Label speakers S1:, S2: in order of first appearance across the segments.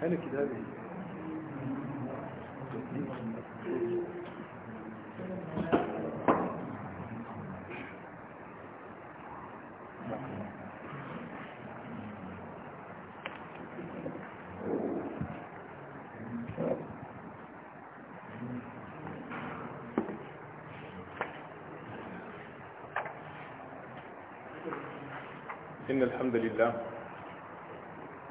S1: إن
S2: الحمد لله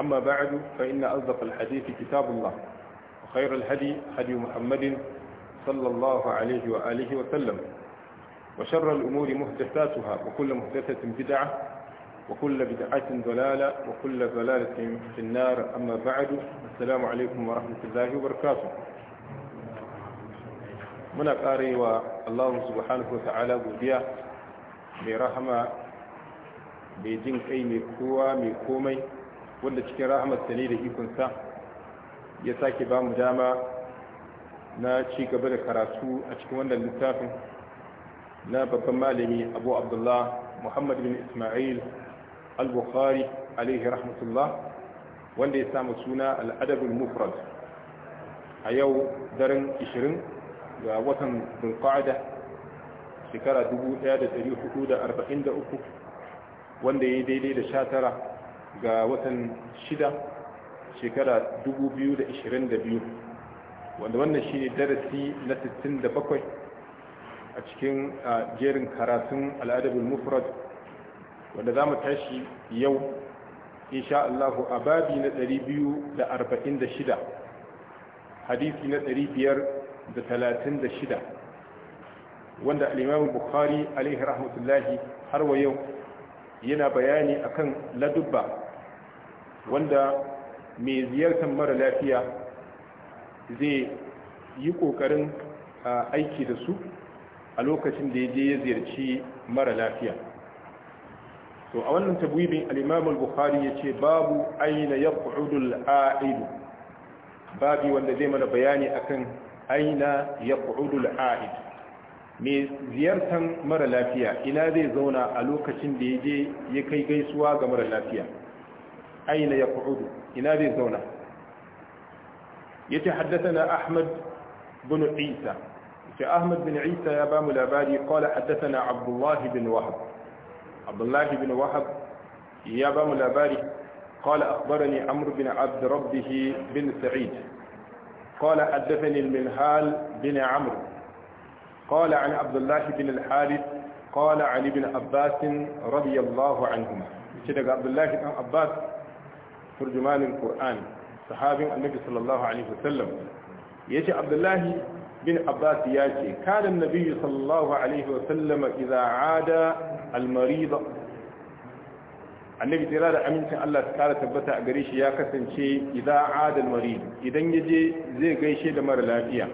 S2: أما بعد فإن أصدق الحديث كتاب الله وخير الهدي هدي محمد صلى الله عليه وآله وسلم وشر الأمور محدثاتها وكل محدثة بدعة وكل بدعة ضلالة وكل ضلالة في النار أما بعد السلام عليكم ورحمة الله وبركاته من أقاري والله سبحانه وتعالى godiya برحمة rahama أي jin ميكومي, wanda cikin rahamarsa ne da ikonsa ya sake ba mu dama na ci gaba da karatu a cikin wannan littafin na babban malami abu abdullah muhammad bin ismail al-bukhari alaihi rahmatullah wanda ya samu suna al'adabul mufrad a yau daren 20 ga watan bulqa'ada shekara 1443 wanda ya yi daidai da 19 ga watan shida shekara 2022 wanda wannan shi ne darasi na 67 a cikin jerin karatun al'adabul mufrad wanda za mu tashi yau insha Allah a babi na 246 hadisi na 536 wanda Limamin bukari alaihi rahmatullahi har wa yau yana bayani akan ladubba wanda mai ziyartar mara lafiya zai yi ƙoƙarin aiki da su a lokacin da ya je ya ziyarci mara lafiya to a wannan tabibin al-imam al-bukhari yace babu aina yaq'udu al-a'id babi wanda zai mana bayani akan aina yaq'udu al-a'id me ziyartan mara lafiya ina zai zauna a lokacin da yaje ya kai gaisuwa ga mara lafiya aina ya ku'udu ina zai zauna yace haddathana ahmad bin isa yace ahmad bin isa ya bamu labari qala haddathana abdullah bin wahab abdullah bin wahab ya bamu labari قال أخبرني عمرو بن عبد ربه بن سعيد قال حدثني المنهال بن عمرو قال عن عبد الله بن الحارث قال عن ابن عباس رضي الله عنهما شدق عبد الله بن عباس turjumanin qur'an sahabin annabi sallallahu alaihi abdullahi bin abbas ya ce annabi sallallahu alaihi annabi tsira da amincin Allah ta tabbata a shi ya kasance idza aada al-marid idan yaje zai gaishe da mara lafiya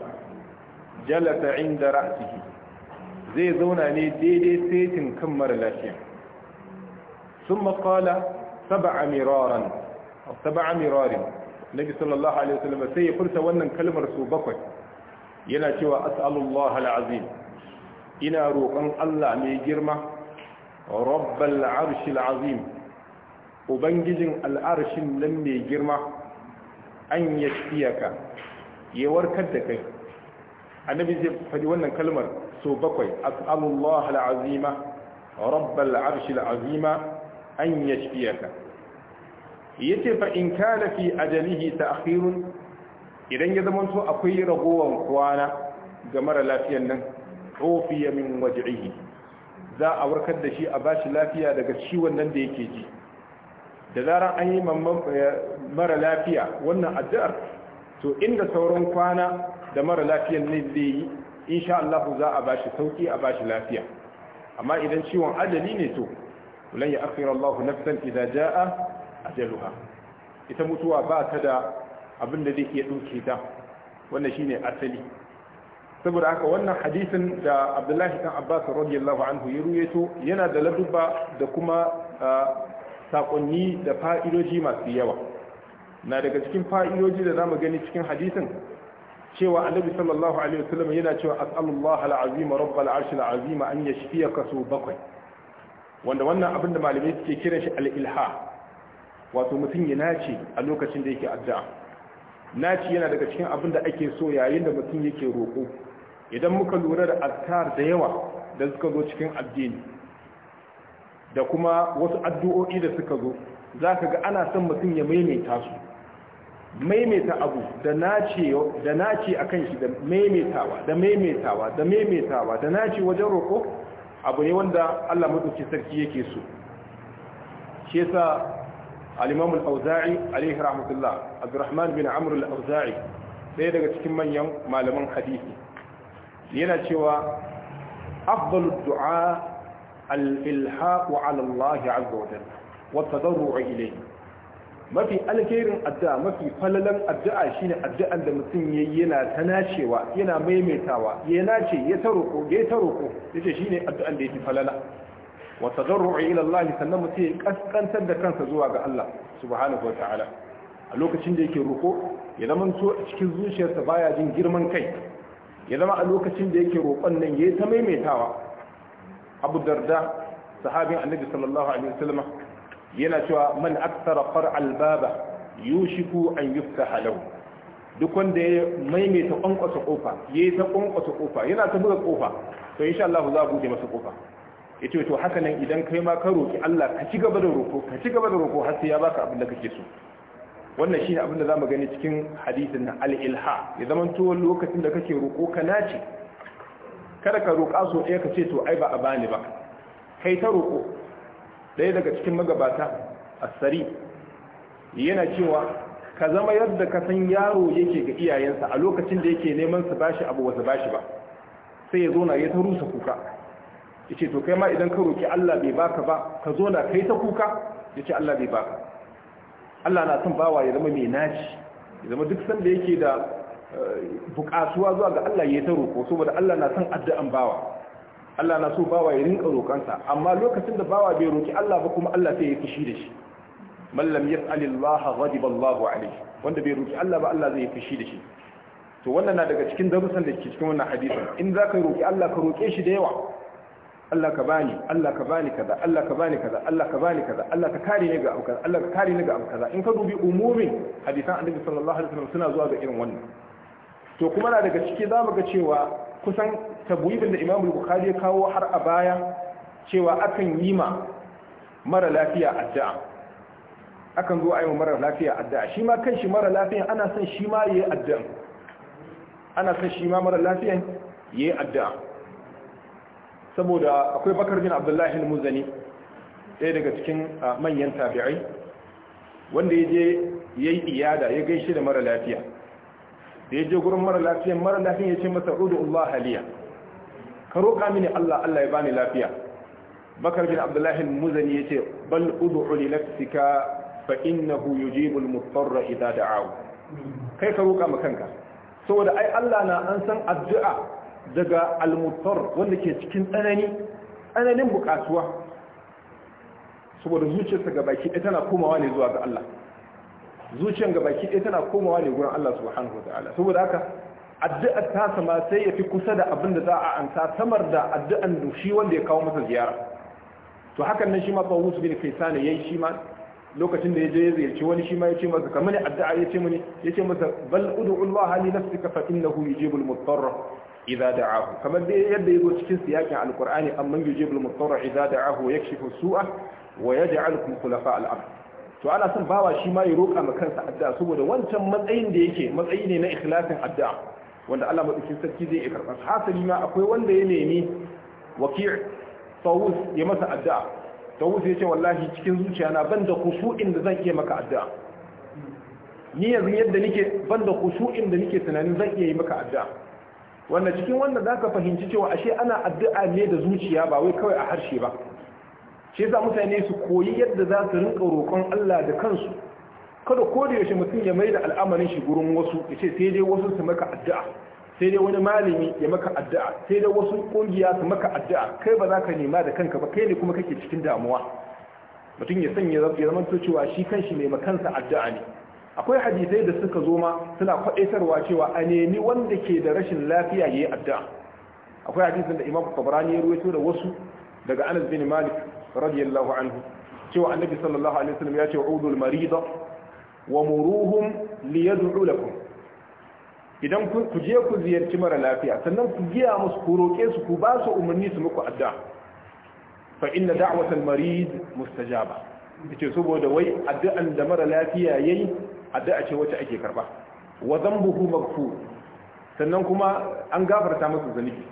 S2: jalasa inda ra'sihi zai zauna ne daidai setin kan mara lafiya sun makala saba'a miraran sab'a mirarin nabi sallallahu alaihi wasallam sai ya furta wannan kalmar su bakwai yana cewa as'alullah alazim ina roƙon Allah mai girma rabbal arshil azim ubangijin al'arshin nan mai girma an yashfiyaka ya warkar da kai annabi zai faɗi wannan kalmar so bakwai as'alullah alazima rabbal arshil azima an yashfiyaka yace fa in kana fi ajalihi ta'khirun idan ya zama to akwai ragowan kwana ga mara lafiyan nan ufiya min waj'ihi za a warkar da shi a bashi lafiya daga ciwon nan da yake ji da zarar an yi eh, mara lafiya wannan addu'ar to inda sauran kwana da mara lafiyan ne zai yi insha Allah za a bashi sauki a bashi lafiya amma idan ciwon ajali ne to lan ya akhira Allah nafsan idza jaa ajaluha ita mutuwa ba ta da abin da zai iya ɗauke ta wannan shine asali saboda haka wannan hadisin da abdullahi dan abbas radiyallahu anhu ya ruyeto yana da ladubba da kuma sakonni da fa'idoji masu yawa na daga cikin fa'idoji da zamu gani cikin hadisin cewa annabi sallallahu alaihi wasallam yana cewa as'alullahi al'azim rabbal arshil azim an yashfiyaka su bakwai wanda wannan abin da malamai suke kiran shi al-ilha wato mutum ya nace a lokacin da yake addu'a naci yana daga cikin abin da ake so yayin da mutum yake roƙo idan muka lura da azkar da yawa da suka zo cikin addini da kuma wasu addu'o'i da suka zo zaka ga ana son mutum ya maimaita su maimaita abu da nace a akan shi da maimaitawa da maimaitawa da maimaitawa da nace wajen roƙo abu ne wanda allah maɗauki sarki yake so shi yasa al-imam auzai alaihi rahmatullah abdurrahman bin amr al-auza'i ɗaya daga cikin manyan malaman hadisi yana cewa afdalu du'a alilha'u alallahi ala Allah azza wa mafi alkhairin addu'a mafi falalan addu'a shine addu'an da mutum yayi yana ta nacewa yana maimaitawa ya nace ya ta roko ya ta roko yace shine addu'an da ya yake falala wa tadarru'i ilallahi sannan mutum ya kaskantar da kansa zuwa ga Allah subhanahu wa ta'ala a lokacin da yake roƙo ya zama to a cikin zuciyarsa baya jin girman kai ya zama a lokacin da yake roƙon nan yi ta maimaitawa Abu Darda sahabin Annabi sallallahu alaihi wasallam yana cewa man aktsara albaba baba yushiku an yuftaha lahu duk wanda ya maimaita kwankwasa kofa yi ta kwankwasa kofa yana ta buga kofa to insha Allah za a buɗe masa kofa yace to haka nan idan kai ma ka roki Allah ka ci gaba da roko ka ci gaba da roko har sai ya baka abin da kake so wannan shine abin da zamu gani cikin hadisin na al-ilha ya zaman to lokacin da kake roko ka nace kada ka roka so ɗaya ka ce to ai ba a bani ba kai ta roko ɗaya daga cikin magabata asari yana cewa ka zama yadda ka san yaro yake ga iyayensa a lokacin da yake neman su bashi abu wasu bashi ba sai ya zo na ya ta rusa kuka ce to kai ma idan ka roƙi Allah bai baka ba ka zo na kai ta kuka ya yace Allah bai baka Allah na son bawa ya zama mai naci ya zama duk sanda yake da eh, buƙatuwa zuwa ga Allah ya ta roƙo saboda Allah na son addu'an bawa Allah na so bawa ya rinka roƙansa amma lokacin da bawa bai roƙi Allah ba kuma Allah sai ya kishi da shi man lam yaf'al Allah ghadiba Allahu alayhi wanda bai roƙi Allah ba Allah zai fushi da shi to wannan na daga cikin darussan da ke cikin wannan hadisin in zaka roƙi Allah ka roƙe shi da yawa Allah ka bani Allah ka bani kaza Allah ka bani kaza Allah ka bani kaza Allah ka kare ni ga abu kaza Allah ka kare ni ga abu kaza in ka dubi umumin hadisan annabi sallallahu alaihi wasallam suna zuwa ga irin wannan to kuma na daga ciki za mu ga cewa kusan tabwibin da Imam Bukhari ya kawo har a baya cewa akan yi ma mara lafiya addu'a akan zo ayi ma mara lafiya addu'a shi ma kanshi mara lafiya ana son shi ma yayi addu'a ana son shi ma mara lafiya yayi addu'a saboda akwai bakar bin abdullahi al-muzani ɗaya daga cikin manyan tabi'ai wanda ya je ya yi iyada ya gaishe da mara lafiya da ya je gurin mara lafiya mara lafiya ya ce masa udu Allah haliya ka roƙa mini Allah Allah ya bani lafiya bakar bin abdullahi al-muzani ya ce bal udu li nafsika fa innahu yujibu mutarra idza da'ahu kai ka roƙa ma kanka saboda ai Allah na an san addu'a daga almutar wanda ke cikin tsanani tsananin bukatuwa saboda zuciyarsa ga baki ɗaya tana komawa ne zuwa ga Allah zuciyar ga baki ɗaya tana komawa ne gurin Allah subhanahu wa ta'ala saboda haka addu'ar ta sama sai ya fi kusa da abin da za a ansa samar da addu'an shi wanda ya kawo masa ziyara to hakan nan shi ma wusu bin Kaisan yayi shi ma lokacin da ya je ya ziyarci wani shi ma ya ce masa kamar addu'a ya ce mini ya ce masa bal ud'u Allah li nafsika fa innahu yujibul al idza da'ahu kamar dai yadda yazo cikin siyakin alqur'ani amman yujibul mutarra idza da'ahu yakshifu su'a wa yaj'alukum khulafa al-ard to ana son bawa shi ma ya roƙa ma kansa addu'a saboda wancan matsayin da yake matsayi ne na ikhlasin addu'a wanda Allah madaukakin sarki zai karɓa hasali ma akwai wanda ya nemi waqi' tawus ya masa addu'a tawus ya ce wallahi cikin zuciya na banda khushu'in da zan iya maka addu'a ni yanzu yadda nake banda khushu'in da nake tunanin zan iya yi maka addu'a wanda cikin wannan za ka fahimci cewa ashe ana addu'a ne da zuciya ba wai kawai a harshe ba shi yasa mutane su koyi yadda za su rinka roƙon Allah da kansu kada ko da yaushe mutum ya maida al'amarin shi gurin wasu ya ce sai dai wasu su maka addu'a sai dai wani malami ya maka addu'a sai dai wasu kungiya su maka addu'a kai ba za ka nema da kanka ba kai ne kuma kake cikin damuwa mutum ya sanya ya zama cewa shi kanshi mai makansa addu'a ne akwai hadisai da suka zo ma suna faɗaitarwa cewa a nemi wanda ke da rashin lafiya ya yi addu'a akwai hadisin da Imam Tabarani ya ruwaito da wasu daga Anas bin Malik radiyallahu anhu cewa Annabi sallallahu alaihi wasallam ya ce udul marida wa muruhum liyad'u lakum idan ku je ku ziyarci mara lafiya sannan ku giya musu ku roƙe su ku ba su umarni su muku addu'a fa inna da'watal marid mustajaba yace saboda wai addu'an da mara lafiya yayi addu'a ce wacce ake karba wa zambuhu maghfur sannan kuma an gafarta masa zunubi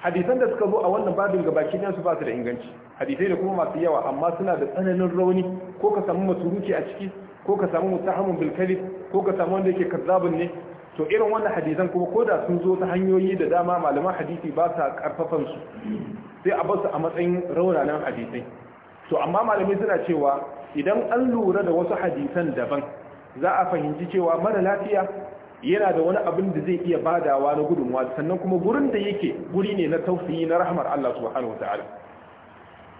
S2: hadisan da suka zo a wannan babin gabaki ɗayan su ba su da inganci hadisai da kuma masu yawa amma suna da tsananin rauni ko ka samu masuruki a ciki ko ka samu mutahamun bil ko ka samu wanda yake kazzabun ne to irin wannan hadisan kuma ko da sun zo ta hanyoyi da dama malaman hadisi ba sa karfafan su sai a basu a matsayin raunanan hadisai to amma malamai suna cewa idan an lura da wasu hadisan daban za a fahimci cewa mara lafiya yana da wani abin da zai iya badawa na gudunwa sannan kuma gurin da yake guri ne na tausayi na rahmar Allah subhanahu ta'ala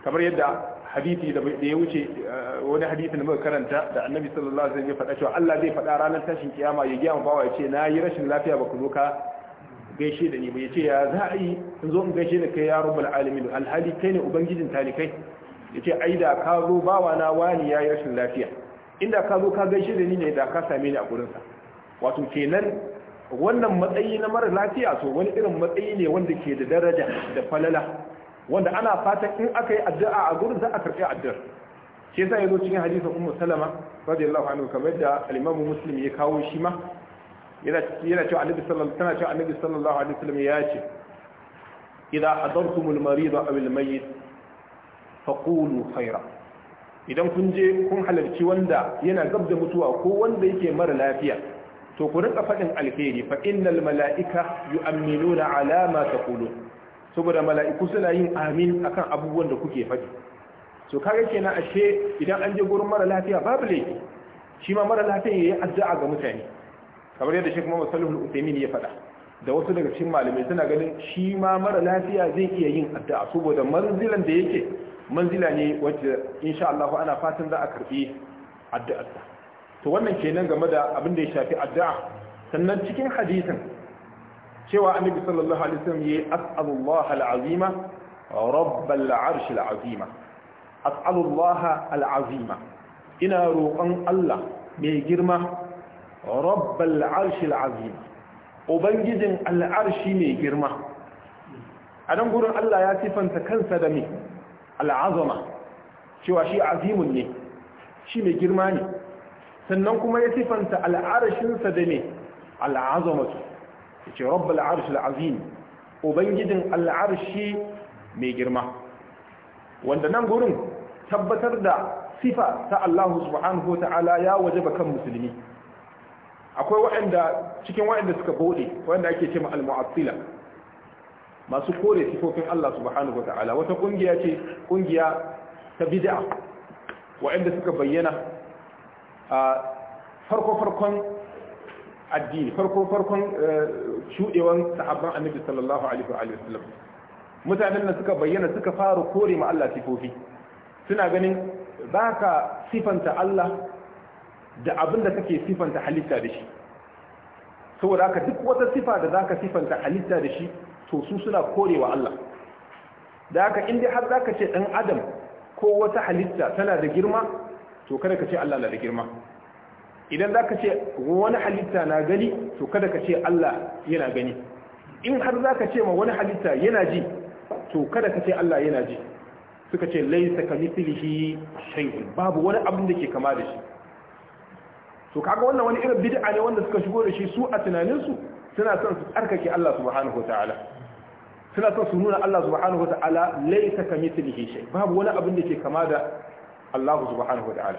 S2: kamar yadda hadisi da ya wuce eh, wani hadisi da muka karanta da annabi sallallahu alaihi wasallam ya faɗa cewa Allah zai faɗa ranar tashin kiyama ya gaya bawa ya ce na yi rashin lafiya ba ku zo ka gaishe da ni ba ya ce ya za a yi in zo in gaishe da kai ya rabbul alamin alhali kai ne ubangijin talikai ya ce ai da ka zo bawa na wani ya yi rashin lafiya inda ka zo ka gaishe da ni ne da ka same ni a gurinsa wato kenan wannan matsayi na mara lafiya so wani irin matsayi ne wanda ke da daraja da falala wanda ana fatan in aka yi addu'a a gurin za a karɓi addu'ar shi yasa yazo cikin hadisin ummu salama radiyallahu anhu kamar da al-imam muslim ya kawo shi ma yana yana cewa annabi sallallahu tana cewa annabi sallallahu alaihi wasallam ya ce idza hadartum al-marida aw al-mayyit faqulu khayran idan kun je kun halarci wanda yana gab da mutuwa ko wanda yake mara lafiya to ku rinka faɗin alheri fa innal mala'ika yu'minuna ala ma taqulun saboda mala'iku suna yin amin akan abubuwan da kuke faɗi so kaga kenan ashe idan an je gurin mara lafiya babu laifi shi ma mara lafiya yayi addu'a ga mutane kamar yadda Sheikh Muhammad Salihu al-Uthaymeen ya faɗa da wasu daga cikin malamai suna ganin shi ma mara lafiya zai iya yin addu'a saboda manzilan da yake manzila ne wacce insha Allah ana fatan za a karbi addu'arsa to wannan kenan game da abin da ya shafi addu'a sannan cikin hadisin cewa annabi sallallahu alaihi wasallam yayi as'alullah al'azima rabbal arsh al'azima as'alullah al'azima ina roƙon Allah mai girma rabbal arsh al'azima ubangijin al'arshi mai girma a nan gurin Allah ya sifanta kansa da mai al'azama cewa shi azimun ne shi mai girma ne sannan kuma ya sifanta al'arashinsa da ne al'azamatu ya ce rabba al'arashi al'azim ubangijin al'arashi mai girma wanda nan gurin tabbatar da sifa ta Allahu subhanahu wa ta'ala ya waje ba kan musulmi akwai waɗanda cikin waɗanda suka bode waɗanda ake ce ma al masu kore sifofin Allah subhanahu ta'ala, wata kungiya ce kungiya ta bid'a wa'anda suka bayyana a farko farkon addini farko farkon eh, shudewan sahabban annabi sallallahu alaihi wa sallam mutanen da suka bayyana suka fara kore ma Allah sifofi suna ganin baka sifanta Allah da abin da kake sifanta halitta da shi saboda haka duk wata sifa da zaka sifanta halitta da shi to su suna korewa Allah da haka inda har za ka ce ɗan adam ko wata halitta tana da girma to kada ka ce Allah na da girma idan za ka ce wani halitta na gani to kada ka ce Allah yana gani in har za ka ce ma wani halitta yana ji to kada ka ce Allah yana ji suka ce laisa kamithlihi shay'un babu wani abin da ke kama da shi to kaga wannan wani irin bid'a ne wanda suka shigo da shi su a tunanin su suna son su tsarkake Allah subhanahu wataala suna son su nuna Allah subhanahu wa ta'ala laisa kamithlihi shay babu wani abin da ke kama da Allah subhanahu wa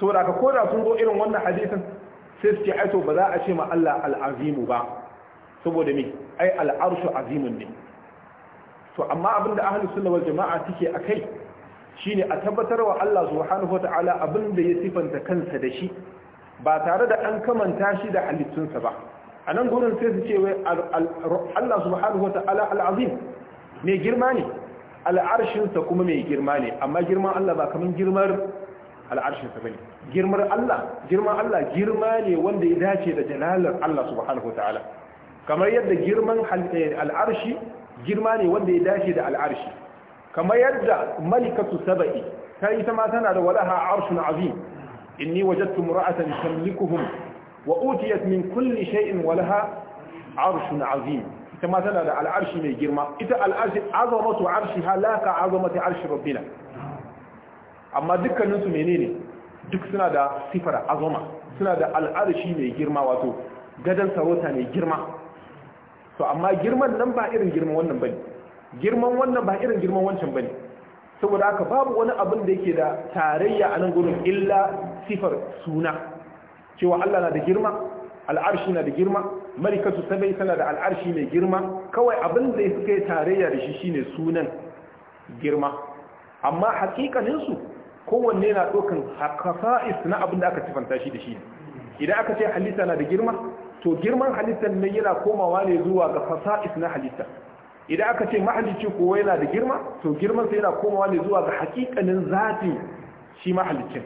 S2: saboda ka koda sun zo irin wannan hadisin sai su ce ai to ba za a ce ma Allah al ba saboda me ai al-arshu azimun ne to amma abin da ahlus sunna wal jama'a take akai shine a tabbatar wa Allah subhanahu wa abin da ya sifanta kansa da shi ba tare da an kamanta shi da halittunsa ba a nan gurin sai su ce wai Allah subhanahu wata'ala al'azim mai girma ne Al'arshin sa kuma mai girma ne amma girman Allah ba kaman girmar al'arshin al'arshinsa bane girmar Allah girman Allah girma ne wanda ya dace da jalalar Allah subhanahu wata'ala kamar yadda girman eh, al'arshi girma ne wanda ya dace da al'arshi kamar yadda malikatu saba'i ta ita ma tana da walaha arshun azim inni wajadtu imra'atan tamlikuhum wa utiyat min kulli shay'in walaha arshun azim ita ma tana da al'arshi mai girma ita al'arshi azamatu arshiha la ka azamati arshi rabbina amma dukkanin su menene duk suna da sifar azama suna da al'arshi mai girma wato gadan sarauta mai girma to amma girman nan ba irin girman wannan bane girman wannan ba irin girman wancan bane saboda haka babu wani abin da yake da tarayya a nan gurin illa sifar suna cewa Allah na da girma al'arshi na da girma malikatu sabai tana da al'arshi mai girma kawai abin da suka yi tarayya da shi shine sunan girma amma hakikanin su kowanne na dokan hakafa'is na abin da aka tafanta shi da shi idan aka ce halitta na da girma to girman halittar ne yana komawa ne zuwa ga fasa'is na halitta idan aka ce mahalicci kowa yana da girma to girman sa yana komawa ne zuwa ga hakikanin zati shi mahallicin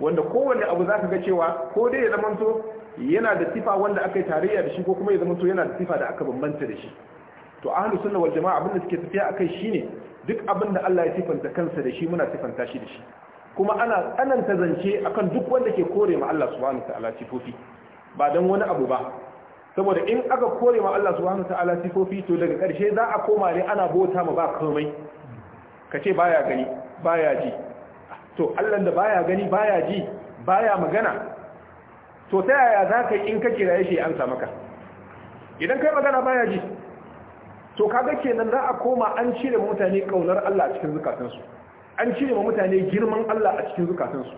S2: wanda kowanne abu za ka ga cewa ko dai ya zamanto yana da sifa wanda aka yi tarayya da shi ko kuma ya zamanta yana da sifa da aka bambanta da shi to ahlus sunna wal jamaa abin da suke tafiya akai shine duk abin da Allah ya sifanta kansa da shi muna sifanta shi da shi kuma ana tsananta zance akan duk wanda ke kore ma Allah subhanahu wa ta'ala sifofi ba dan wani abu ba saboda in aka kore ma Allah subhanahu wa ta'ala sifofi to daga karshe za a koma ne ana bauta ma ba komai kace baya gani baya ji to Allah da baya gani baya ji baya magana to ta yaya za ka yi in ka kira shi an sa maka idan kai magana baya ji to kaga kenan za a koma an cire mutane kaunar Allah a cikin zukatansu an cire mutane girman Allah a cikin zukatansu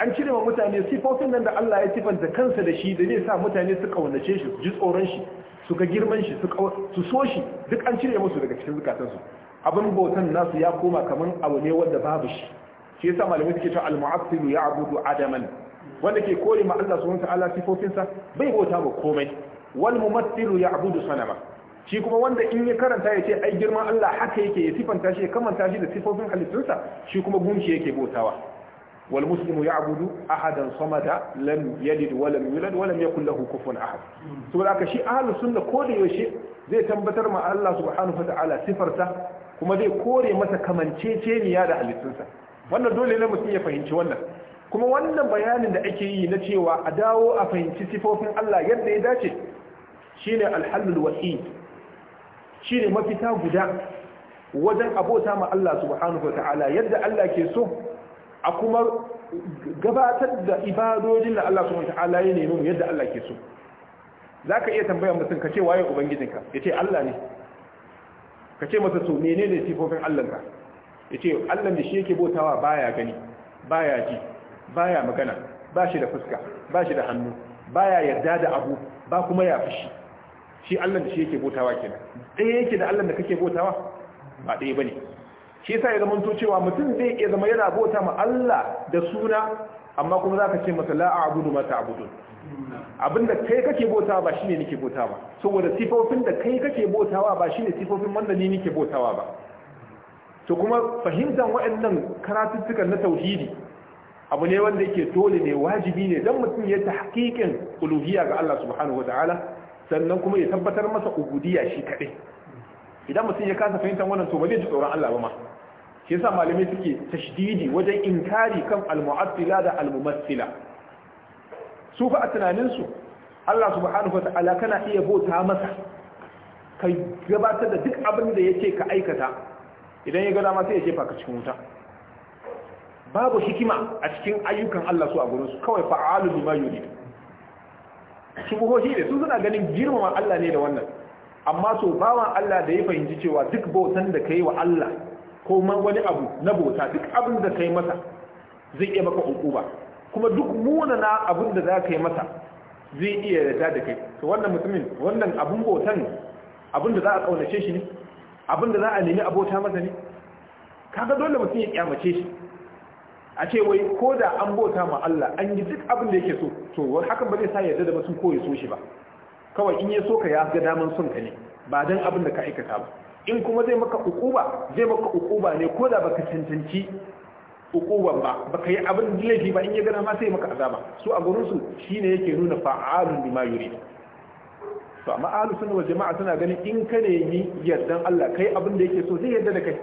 S2: an cire wa mutane sifofin nan da Allah ya sifanta kansa da shi da zai sa mutane su kaunace shi su ji tsoron shi su ga girman shi su so shi duk an cire musu daga cikin zukatansu abin bautan nasu ya koma kaman abu ne wanda babu shi shi yasa malamai suke cewa al-mu'assil ya'budu adaman wanda ke kore ma Allah subhanahu ta'ala sifofinsa bai bauta ba komai wal mumattil ya'budu sanama shi kuma wanda in ya karanta ya ce ai girman Allah haka yake ya sifanta shi ya kamanta shi da sifofin halittunsa shi kuma gunki yake bautawa wal muslimu ya'budu ahadan samada lam yalid wa lam yulad wa lam yakul lahu kufuwan ahad saboda haka shi ahlus sunna ko da yaushe zai tambatar ma Allah subhanahu ta'ala sifarsa kuma zai kore masa kamanceceniya da halittunsa wannan dole ne mutum ya fahimci wannan kuma wannan bayanin da ake yi na cewa a dawo a fahimci sifofin Allah yadda ya dace shine alhalul wahid shine mafita guda wajen abota ma Allah subhanahu wataala yadda Allah ke so a kuma gabatar da ibadojin da Allah subhanahu wataala ya nemi yadda Allah ke so zaka iya tambayar mutum ce waye ubangijinka yace Allah ne Ka ce masa to menene sifofin Allah ka ya ce allah da shi yake botawa baya gani baya ji baya magana ba shi da fuska ba shi da hannu baya yarda da abu ba kuma ya fushi shi allah da shi yake botawa kenan ɗaya yake da allah da kake botawa? ba ɗaya ba ne shi yasa ya zama cewa mutum zai iya zama yana botawa ma allah da suna amma kuma za ka ce masa abudu mata abudun abinda kai kake botawa ba shine nake botawa saboda sifofin da kai kake botawa ba shine sifofin wanda ni nake botawa ba to kuma fahimtar waɗannan karatuttukan na tauhidi abu ne wanda yake dole ne wajibi ne don mutum ya tahqiqin uluhiyya ga Allah subhanahu wataala sannan kuma ya tabbatar masa ubudiyya shi kadai idan mutum ya kasa fahimtar wannan to ba zai ji tsoron Allah ba ma shi yasa malamai suke tashdidi wajen inkari kan al-mu'attila da al-mumassila su fa a tunanin su Allah subhanahu wataala kana iya bauta masa ka gabatar da duk abin da yake ka aikata idan ya ga dama sai ya jefa ka cikin wuta babu hikima a cikin ayyukan Allah su a gurin su kawai fa'alu lima yurid shi ne su suna ganin girmama Allah ne da wannan amma so bawan Allah da ya fahimci cewa duk bautan da kai wa Allah ko man wani abu na bauta duk abin da kai masa zai iya maka ukuba kuma duk Muna na abin da za ka yi masa zai iya yarda da kai to wannan mutumin wannan abun bautan abin da za a kaunace shi ne abin da za a nemi abota masa ne kaga dole mutum ya kyamace shi a ce wai ko da an bota ma Allah an yi duk abin da yake so to hakan ba zai sa yarda da mutum ko ya so shi ba kawai in ya so ka ya ga daman son ka ne ba dan abin da ka aikata ba in kuma zai maka ukuba zai maka ukuba ne ko da baka cancanci ukuban ba baka yi abin da laifi ba in ya gana ma sai maka azaba su a gurin su shine yake nuna fa'alun bima yurid to amma ahlus sunna wal jama'a suna ganin in ka nemi yardan Allah kai abin da yake so zai yarda da kai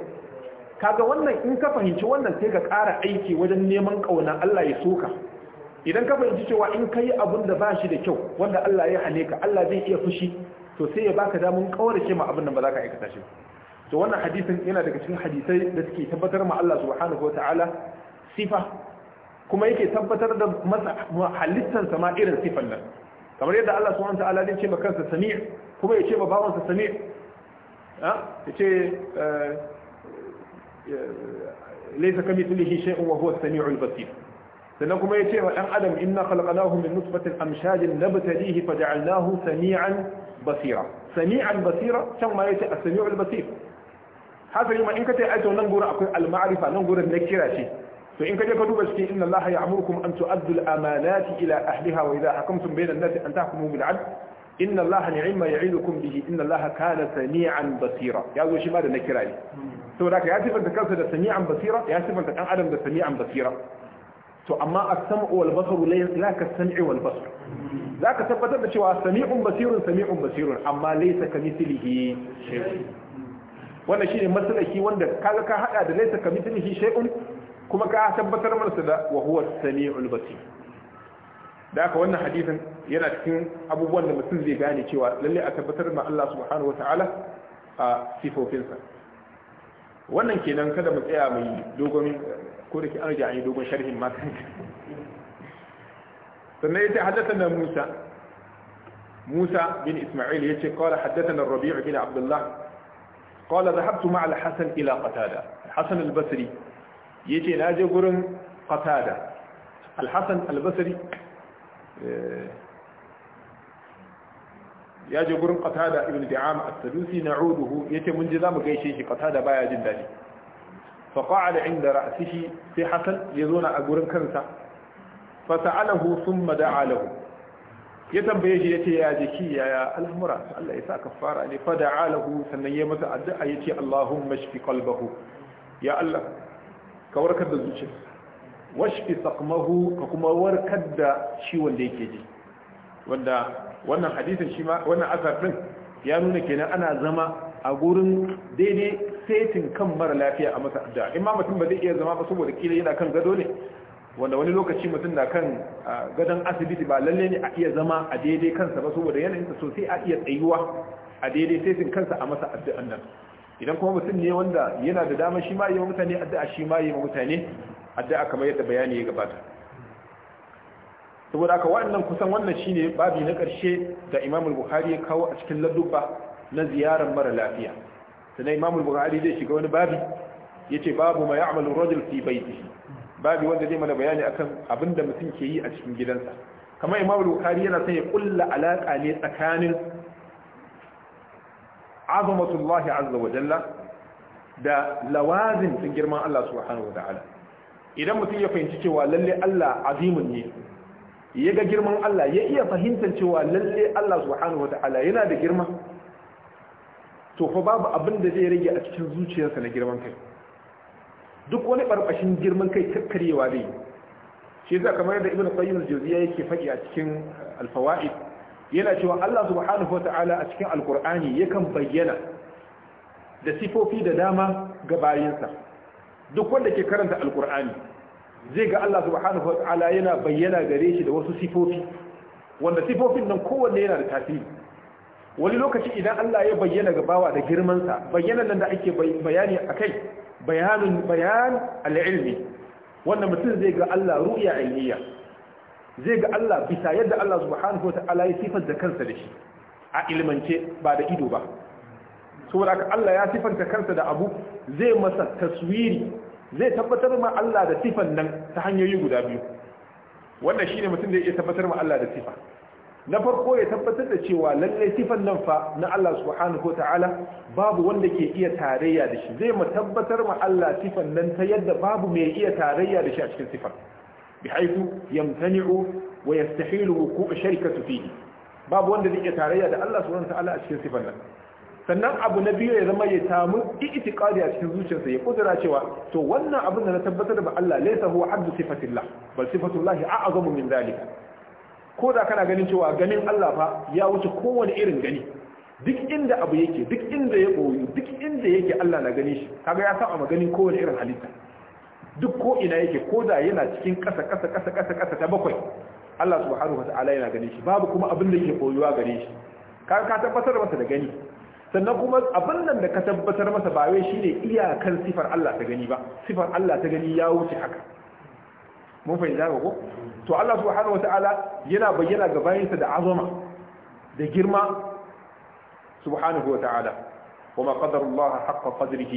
S2: kaga wannan in ka fahimci wannan sai ka ƙara aiki wajen neman kauna Allah ya soka idan ka fahimci cewa in kai abin da bashi da kyau wanda Allah ya hane ka Allah zai iya fushi to sai ya baka damun ce ma abin da ba za ka aikata shi to wannan hadisin yana daga cikin hadisai da suke tabbatar ma Allah subhanahu wataala sifa kuma yake tabbatar da masa halittansa ma irin sifan nan kamar yadda Allah subhanahu ta'ala zai ce ma kansa sami' kuma ya ce ma sa sami' ya ce laysa kamithlihi shay'un wa huwa as-sami'ul basir sannan kuma ya ce wa dan adam inna khalaqnahu min nutfatin amshajin nabtalihi faja'alnahu sami'an basira sami'an basira can ma yace as-sami'ul basir hasa yuma in ka tayi aito nan gura akwai al-ma'rifa nan gura ne kira shi to in kaje ka duba cikin inna allaha ya'murukum an tu'addu al-amanati ila ahliha wa idha hakamtum bayna an-nasi an tahkumu bil 'adl inna allaha ni'ma ya'idukum bihi inna allaha kana sami'an basira ya zo shi ma da nakira ne saboda ka ya sifanta kansa da sami'an basira ya sifanta kan adam da sami'an basira to amma as-sam'u wal basaru la ka as-sam'i wal basar zaka tabbatar da cewa sami'un basirun sami'un basirun amma laysa kamithlihi shay'un wannan shine masalaki wanda kaga ka hada da laysa kamithlihi shay'un kuma ka tabbatar masa da wa huwa sami'ul basir da haka wannan hadisin yana cikin abubuwan da mutum zai gane cewa lalle a tabbatar ma Allah subhanahu wa ta'ala a sifofinsa wannan kenan kada mu tsaya mai dogon ko da ke an ja dogon sharhin ma sannan yace haddathana Musa Musa bin Isma'il yace qala haddathana Rabi' bin Abdullah qala dhahabtu ma'a al-Hasan ila Qatada Hasan al-Basri ya ce na je gurin qatada al-hasan al-basri eh, ya je gurin qatada ibn di'am as-sadusi ya ce mun je mu gaishe shi ba ya jin dadi fa qa'ada inda ra'sihi sai Hassan ya zo na a gurin kansa fa sa'alahu thumma lahu ya tambaye shi ya ce ya jiki yaya al'amura Allah ya sa fara ne fa lahu sannan ya masa addu'a yace Allahumma shfi qalbahu ya Allah ka warkar da zuciya washfi saqmahu ka kuma warkar da ciwon da yake ji wanda wannan hadisin shi ma wannan asar din ya nuna kenan ana zama a gurin daidai setin kan mara lafiya a masa addu'a in ma mutum ba zai iya zama ba saboda kila yana kan gado ne wanda wani lokaci mutum na kan gadon asibiti ba lalle ne a iya zama a daidai kansa ba saboda yanayinsa sosai a iya tsayuwa a daidai setin kansa a masa addu'an nan idan kuma mutum ne wanda yana da dama shi ma yi mutane addu'a shi ma yi mutane addu'a kamar yadda bayani ya gabata saboda haka wannan kusan wannan shine babi na karshe da Imam al-Bukhari ya kawo a cikin ladduba na ziyarar mara lafiya sannan Imam al-Bukhari zai shiga wani babi yace babu ma ya'malu rajul fi baytihi babi wanda zai mana bayani akan abinda mutum ke yi a cikin gidansa kamar Imam al-Bukhari yana son ya kulla alaka ne tsakanin azamatullahi azza wa jalla da lawazin sun girman Allah subhanahu wa ta'ala idan mutum ya fahimci cewa lalle Allah azimun ne ya ga girman Allah ya iya fahimtar cewa lalle Allah subhanahu wa ta'ala yana da girma to fa babu abin da zai rage a cikin zuciyarsa na girman kai duk wani barbashin girman kai karkarewa zai shi yasa kamar da ibnu qayyim al-jawziyya yake faɗi a cikin al-fawaid yana cewa Allah subhanahu wata'ala a cikin alkur'ani yakan bayyana da sifofi da dama ga bayansa. duk wanda ke karanta alkur'ani zai ga Allah subhanahu wata'ala yana bayyana gare shi da wasu sifofi wanda sifofin nan kowanne yana da tasiri wani lokaci idan Allah ya bayyana ga bawa da girmansa bayyana nan da ake bayani a kai bayanin bayan al'ilmi wanda mutum zai ga Allah ru'ya ilmiya zai ga Allah bisa yadda Allah subhanahu wa ta'ala ya da kansa da shi a ilmance ba da ido ba saboda haka Allah ya sifanta kansa da abu zai masa taswiri zai tabbatar ma Allah da sifan nan ta hanyoyi guda biyu wannan shine mutum da ya tabbatar ma Allah da sifa na farko ya tabbatar da cewa lallai sifan nan fa na Allah subhanahu ala, babu wanda ke iya tarayya da shi zai mu tabbatar ma Allah sifan nan ta yadda babu mai iya tarayya da shi a cikin sifar بحيث يمتنع ويستحيل وقوع شركة فيه باب وان ذي يتاريه ده الله سبحانه وتعالى أشكر صفنا sannan abu na biyu ya zama ya samu itikadi a cikin zuciyarsa ya kudura cewa to wannan abin da na tabbatar da ba Allah laysa huwa haddu sifatillah bal sifatullah a'zamu min zalika ko da kana ganin cewa ganin Allah fa ya wuce kowane irin gani duk inda abu yake duk inda ya boyu duk inda yake Allah na gani shi kaga ya san a maganin kowane irin halitta duk ko ina yake ko da yana cikin ƙasa ƙasa ƙasa ƙasa ƙasa ta bakwai Allah subhanahu wa ta'ala yana gane shi babu kuma abin da yake koyuwa gare shi ka ka tabbatar masa da gani sannan kuma abin nan da ka tabbatar masa ba wai shine iyakan sifar Allah ta gani ba sifar Allah ta gani ya wuce haka mun fahimta ga ko to Allah subhanahu wa ta'ala yana bayyana ga bayinsa da azama da girma subhanahu wa ta'ala وما قدر الله حق قدره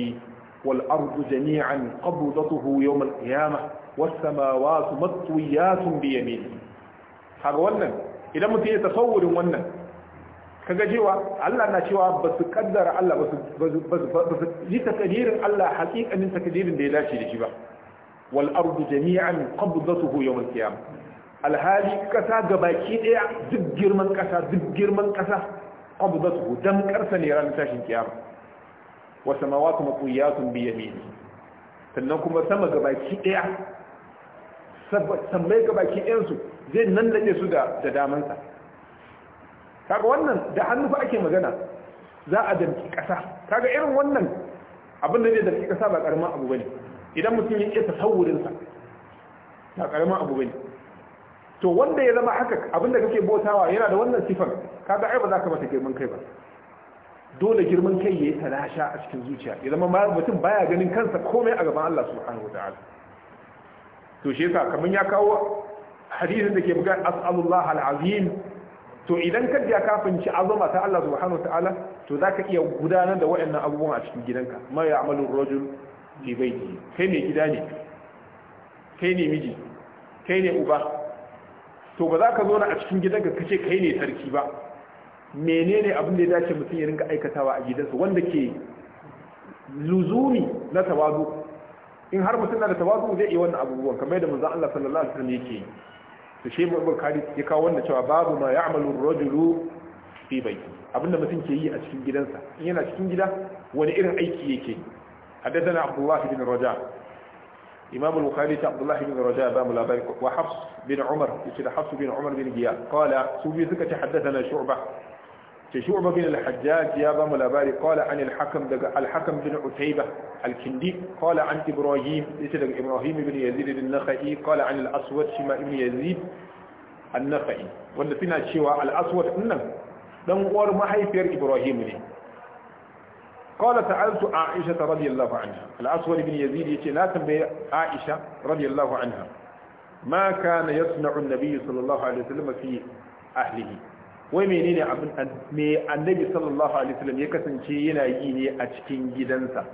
S2: والأرض جميعا قبضته يوم القيامة والسماوات مطويات بيمينه هذا wannan idan mutum ya tasawurin wannan kaga cewa Allah na cewa ba su kaddara Allah ba su yi takadirin Allah hakikanin takadirin da ya dace da shi ba wal ardu jami'an qabdatuhu yawm al qiyam alhali kasa gabaki daya duk girman kasa duk girman kasa qabdatuhu dan karsa ne ran tashin kiyama wa samawati maqiyatun bi yamini sannan kuma sama baki daya sammai gabaki ɗayan su zai nan da su da da daman sa kaga wannan da hannu fa ake magana za a damki kasa kaga irin wannan abin da zai damki kasa ba karaman abu bane idan mutum ya iya tasawurin sa ba karaman abu bane to wanda ya zama haka abin da kake bautawa yana da wannan sifar kaga ai ba za ka mata girman kai ba dole girman kai yayi tanasha a cikin zuciya ya zama mutum baya ganin kansa komai a gaban Allah subhanahu wataala to shi ya kawo hadisin da ke buga as'alullah al'azim to idan ka ja kafin ci azama ta Allah subhanahu wataala to iya gudanar da waɗannan abubuwan a cikin gidanka ma ya'malu rajul bai baiti kai ne gida ne kai ne miji kai ne uba to ba za ka zo na a cikin gidanka ce kai ne sarki ba menene abin da ya dace mutum ya rinka aikatawa a gidansa wanda ke luzumi na tawazu in har mutum na da tawazu zai iya wannan abubuwan kamar yadda manzon Allah sallallahu alaihi wasallam yake yi to shi mu bukari ya kawo wannan cewa babu ma ya'malu ar-rajulu fi baiti abinda mutum ke yi a cikin gidansa in yana cikin gida wani irin aiki yake haddathana Abdullah bin Raja Imam al-Bukhari ta Abdullah bin Raja ba mu mulabari wa Hafs bin Umar yace da Hafs bin Umar bin Giya qala su bi suka ce haddathana Shu'bah شعبة بن الحجاج يا بام الأباري قال عن الحكم الحكم بن عتيبة الكندي قال عن إبراهيم إبراهيم بن يزيد النخعي قال عن الأسود شما بن يزيد النخعي وأن فينا الأسود إنه لم أور ما حيفير إبراهيم لي قال سألت عائشة رضي الله عنها الأسود بن يزيد يتي لا تنبي عائشة رضي الله عنها ما كان يصنع النبي صلى الله عليه وسلم في أهله wai menene abin me annabi sallallahu alaihi wasallam ya kasance yana yi ne a cikin gidansa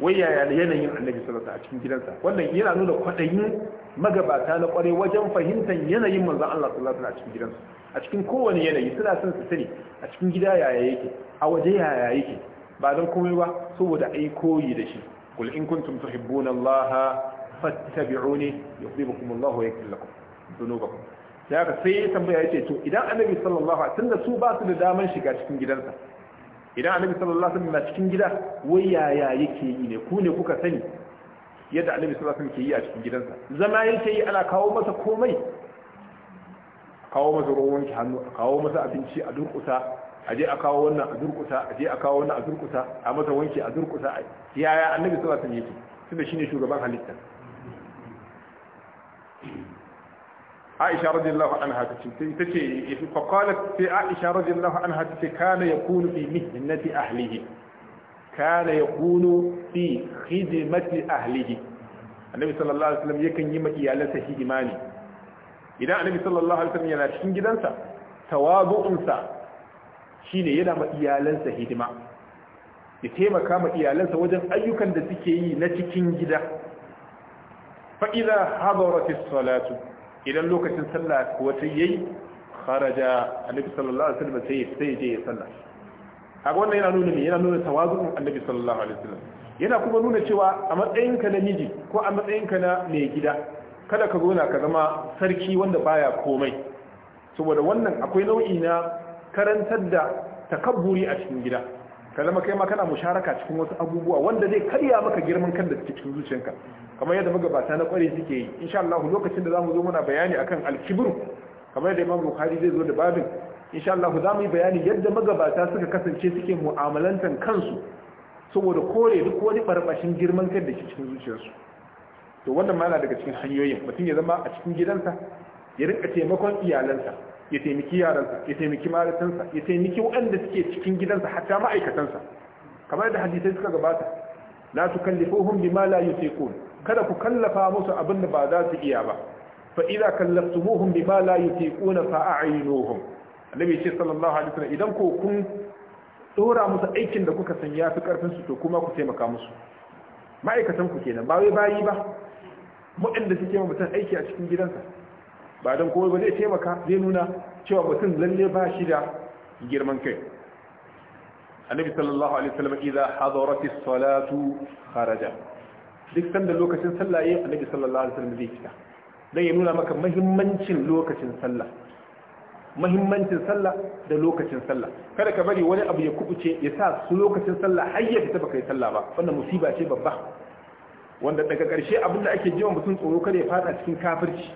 S2: wai yaya yanayin annabi sallallahu alaihi a cikin gidansa wannan yana nuna kwadayin magabata na kware wajen fahimtar yanayin manzon Allah sallallahu alaihi a cikin gidansa a cikin kowane yanayi suna son su sani a cikin gida yaya yake a waje yaya yake ba don komai ba saboda ai koyi da shi kul in kuntum tuhibbuna Allah fattabi'uni yuhibbukum Allah wa yaghfir lakum dhunubakum da haka sai ya tambaya ya ce to idan annabi sallallahu alaihi wasallam su ba su da daman shiga cikin gidansa idan annabi sallallahu alaihi wasallam na cikin gida wai yaya yake yi ne ku ne kuka sani yadda annabi sallallahu alaihi wasallam ke yi a cikin gidansa zama yake yi ana kawo masa komai kawo masa ruwan hannu a kawo masa abinci a durkusa a je a kawo wannan a durkusa a je a kawo wannan a durkusa a masa wanke a durkusa yaya annabi sallallahu alaihi wasallam yake tunda shine shugaban halitta aisha radiyallahu anha ta ce ita ce fa qalat sai aisha radiyallahu anha ta kana yakunu fi mihnati ahlihi kana yakunu fi khidmati ahlihi annabi sallallahu alaihi wasallam yakan yi ma iyalansa hidima ne idan annabi sallallahu alaihi wasallam yana cikin gidansa tawazu'unsa shine yana ma iyalansa hidima ya taimaka ma iyalansa wajen ayyukan da suke yi na cikin gida fa idza hadarat salatu idan lokacin sallah kuwa ta yayi kharaja annabi sallallahu alaihi wasallam sai sai je ya sallah kaga wannan yana nuna yana nuna tawazu'un annabi sallallahu alaihi wasallam yana kuma nuna cewa a matsayin ka na miji ko a matsayin ka na mai gida kada ka zo na ka zama sarki wanda baya komai saboda wannan akwai nau'i na karantar da takabburi a cikin gida ka zama kai ma kana musharaka cikin wasu abubuwa wanda zai karya maka girman kan da cikin zuciyarka kamar yadda magabata na kware suke yi insha Allah lokacin da zamu zo muna bayani akan al-kibr kamar yadda Imam Bukhari zai zo da babin insha Allah zamu yi bayani yadda magabata suka kasance suke mu'amalantan kansu saboda kore duk wani barbashin girman kan da cikin zuciyarsu to wannan ma yana daga cikin hanyoyin mutum ya zama a cikin gidansa ya rinka taimakon iyalansa ya taimaki yaransa ya taimaki maratansa ya taimaki waɗanda suke cikin gidansa hatta ma'aikatansa kamar da hadisai suka gabata la tukallifuhum bima la yutiqun kada ku kallafa musu abin da ba za su iya ba fa idza kallaftumuhum bima la yutiqun fa a'inuhum annabi ce sallallahu alaihi wasallam idan ko kun dora musu aikin da kuka san yafi karfin su to kuma ku taimaka musu ma'aikatan ku kenan ba wai bayi ba waɗanda suke mutum aiki a cikin gidansa ba don komai ba zai taimaka zai nuna cewa mutum lalle ba shi da girman kai annabi sallallahu alaihi wasallam idza hadarati salatu kharaja duk sanda lokacin sallah yayin annabi sallallahu alaihi wasallam zai fita dan ya nuna maka muhimmancin lokacin sallah muhimmancin sallah da lokacin sallah kada ka bari wani abu ya kubuce ya sa su lokacin sallah har ya fita baka yi sallah ba wannan musiba ce babba wanda daga ƙarshe abinda ake jiwa mutum tsoro kada ya fada cikin kafirci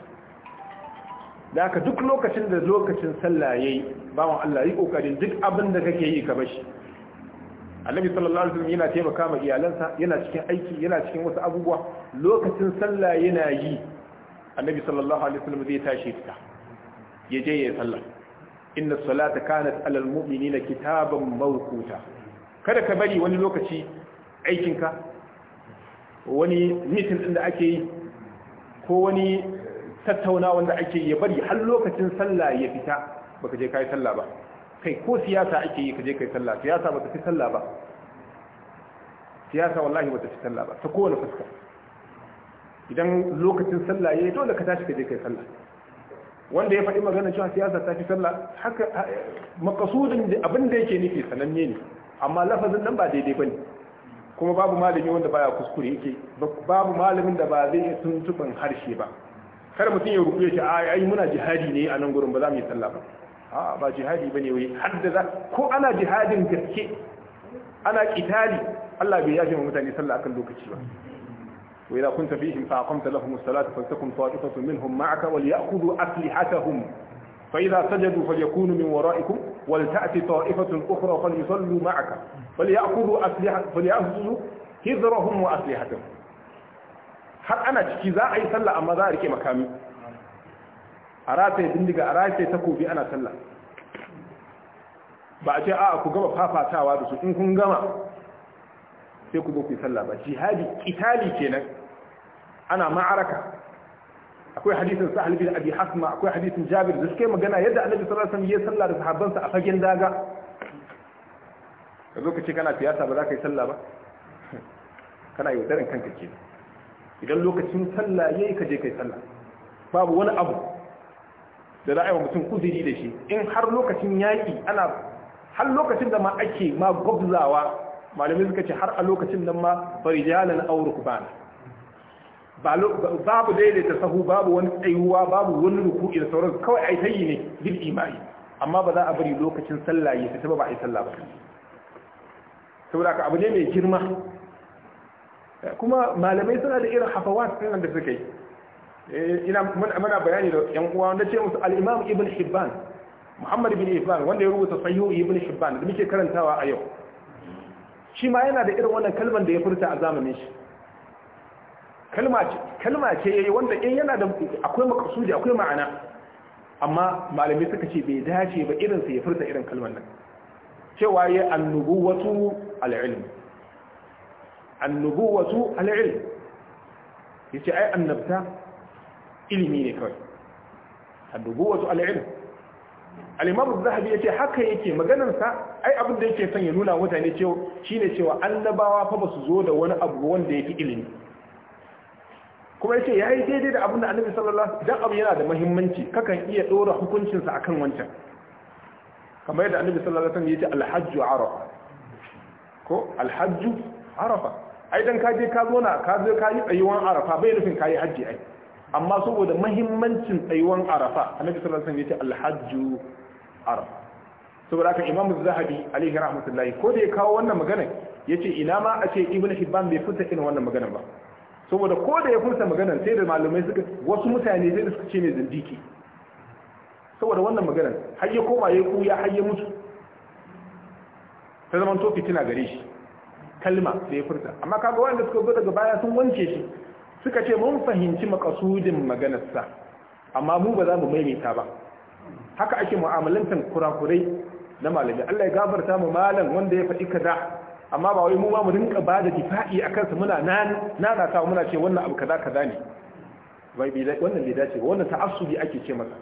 S2: da duk lokacin da lokacin sallah yi, bawan Allah yi ƙoƙarin duk abin da kake yi ka bashi annabi sallallahu alaihi wasallam yana taimaka ma iyalansa yana cikin aiki yana cikin wasu abubuwa lokacin sallah yana yi annabi sallallahu alaihi wasallam zai tashi fita ya je ya sallah inna salata kanat alal mu'minina kitaban mawquta kada ka bari wani lokaci aikinka wani mitin din da ake yi ko wani tattauna wanda ake ya bari har lokacin sallah ya fita baka je kai sallah ba kai ko siyasa ake yi ka je kai sallah siyasa bata fi sallah ba siyasa wallahi bata fi sallah ba ta kowane fuska idan lokacin sallah yayi dole ka tashi ka je kai sallah wanda ya faɗi magana cewa siyasa ta fi sallah haka makasudin abin da yake nufi sananne ne amma lafazin nan ba daidai bane kuma babu malami wanda baya kuskure yake babu malamin da ba zai tuntuban harshe ba kada mutum ya rubuce shi ai muna jihadi ne a nan gurin ba za mu yi sallah ba a ba jihadi bane wai haddaza ko ana jihadin gaske ana qitali Allah bai yafe mutane sallah akan lokaci ba wa idza kunta fihim fa aqamta lahum as-salata faltakum ta'ifatun minhum ma'aka wal ya'khudhu aslihatahum fa idza sajadu falyakunu min wara'ikum wal ta'ti ta'ifatun ukhra falyusallu ma'aka falya'khudhu aslihatahum falya'khudhu hidrahum wa aslihatahum har ana ciki za a yi sallah amma za a rike makami a rataye dindiga a rataye takobi ana sallah ba a ce a'a ku gama fafatawa da su in kun gama sai ku zo ku yi sallah ba jihadi itali kenan ana ma'araka akwai hadisin sa halibin abi hasma akwai hadisin jabir da suke magana yadda annabi sallallahu alaihi wasallam ya sallah da sahabbansa a fagen daga ka zo ka ce kana siyasa ba za ka yi sallah ba kana yi yaudarin kanka kenan idan lokacin sallah yayi ka je kai sallah babu wani abu da za a yi wa mutum kuzuri da shi in har lokacin yaƙi ana har lokacin da ma ake ma gwabzawa malamai suka ce har a lokacin nan ma farijalan auruk bana babu daidaita sahu babu wani tsayuwa babu wani ruku'i da sauransu kawai a yi tayi ne bil imani amma ba za a bari lokacin sallah ya fita ba ba yi sallah ba saboda ka abu ne mai girma kuma malamai suna da irin hafawat ɗin da suke yi eh, ina mana bayani da yan uwa wanda ce musu al-Imam Ibn Hibban Muhammad ibn Hibban wanda ya rubuta Sahih Ibn Hibban da muke karantawa a yau shi ma yana da irin wannan kalman da ya furta a zamanin shi kalma ce kalma ce yayi wanda in eh, yana da akwai makasudi akwai ma'ana amma malami suka ce bai dace ba irin sa ya furta irin kalman nan cewa ya annubuwatu al-ilm annubuwatu ya ce ai annabta ilimi ne kawai annubuwatu al'ilm al-imam az-zahabi ce haka yake maganar sa ai abin da yake son ya nuna mutane cewa shine cewa annabawa fa ba su zo da wani abu wanda ya fi ilimi kuma ya ce ya yi daidai da abin annabi sallallahu alaihi wasallam abu yana da muhimmanci kakan iya ɗora hukuncinsa sa akan wancan kamar yadda annabi sallallahu alaihi wasallam ya ce hajju arafa ko al arafa ai dan ka je ka zo na ka zo ka yi tsayuwan arafa bai nufin ka yi hajji ai amma saboda mahimmancin tsayuwan arafa annabi sallallahu alaihi wasallam yace alhajju arafa saboda haka imamu zahabi alaihi rahmatullahi ko da ya kawo wannan magana yace ina ma a ce ibnu hibban bai fita irin wannan magana ba saboda ko da ya fita magana sai da malamai suka wasu mutane sai suka ce ne zindiki saboda wannan magana har ya koma ya kuya har ya mutu ta zaman to fitina gare shi kalma da ya furta amma kaga wanda suka zo daga baya sun wanke shi suka ce mun fahimci makasudin maganarsa amma mu ba za mu maimaita ba haka ake mu'amalantar kurakurai na malami Allah ya gafarta mu malam wanda ya faɗi kaza amma ba wai mu ma mu rinka ba da difa'i a kansa muna nan nana ta muna ce wannan abu kaza kaza ne wai bi wannan bai dace ba wannan ta'assubi ake ce masa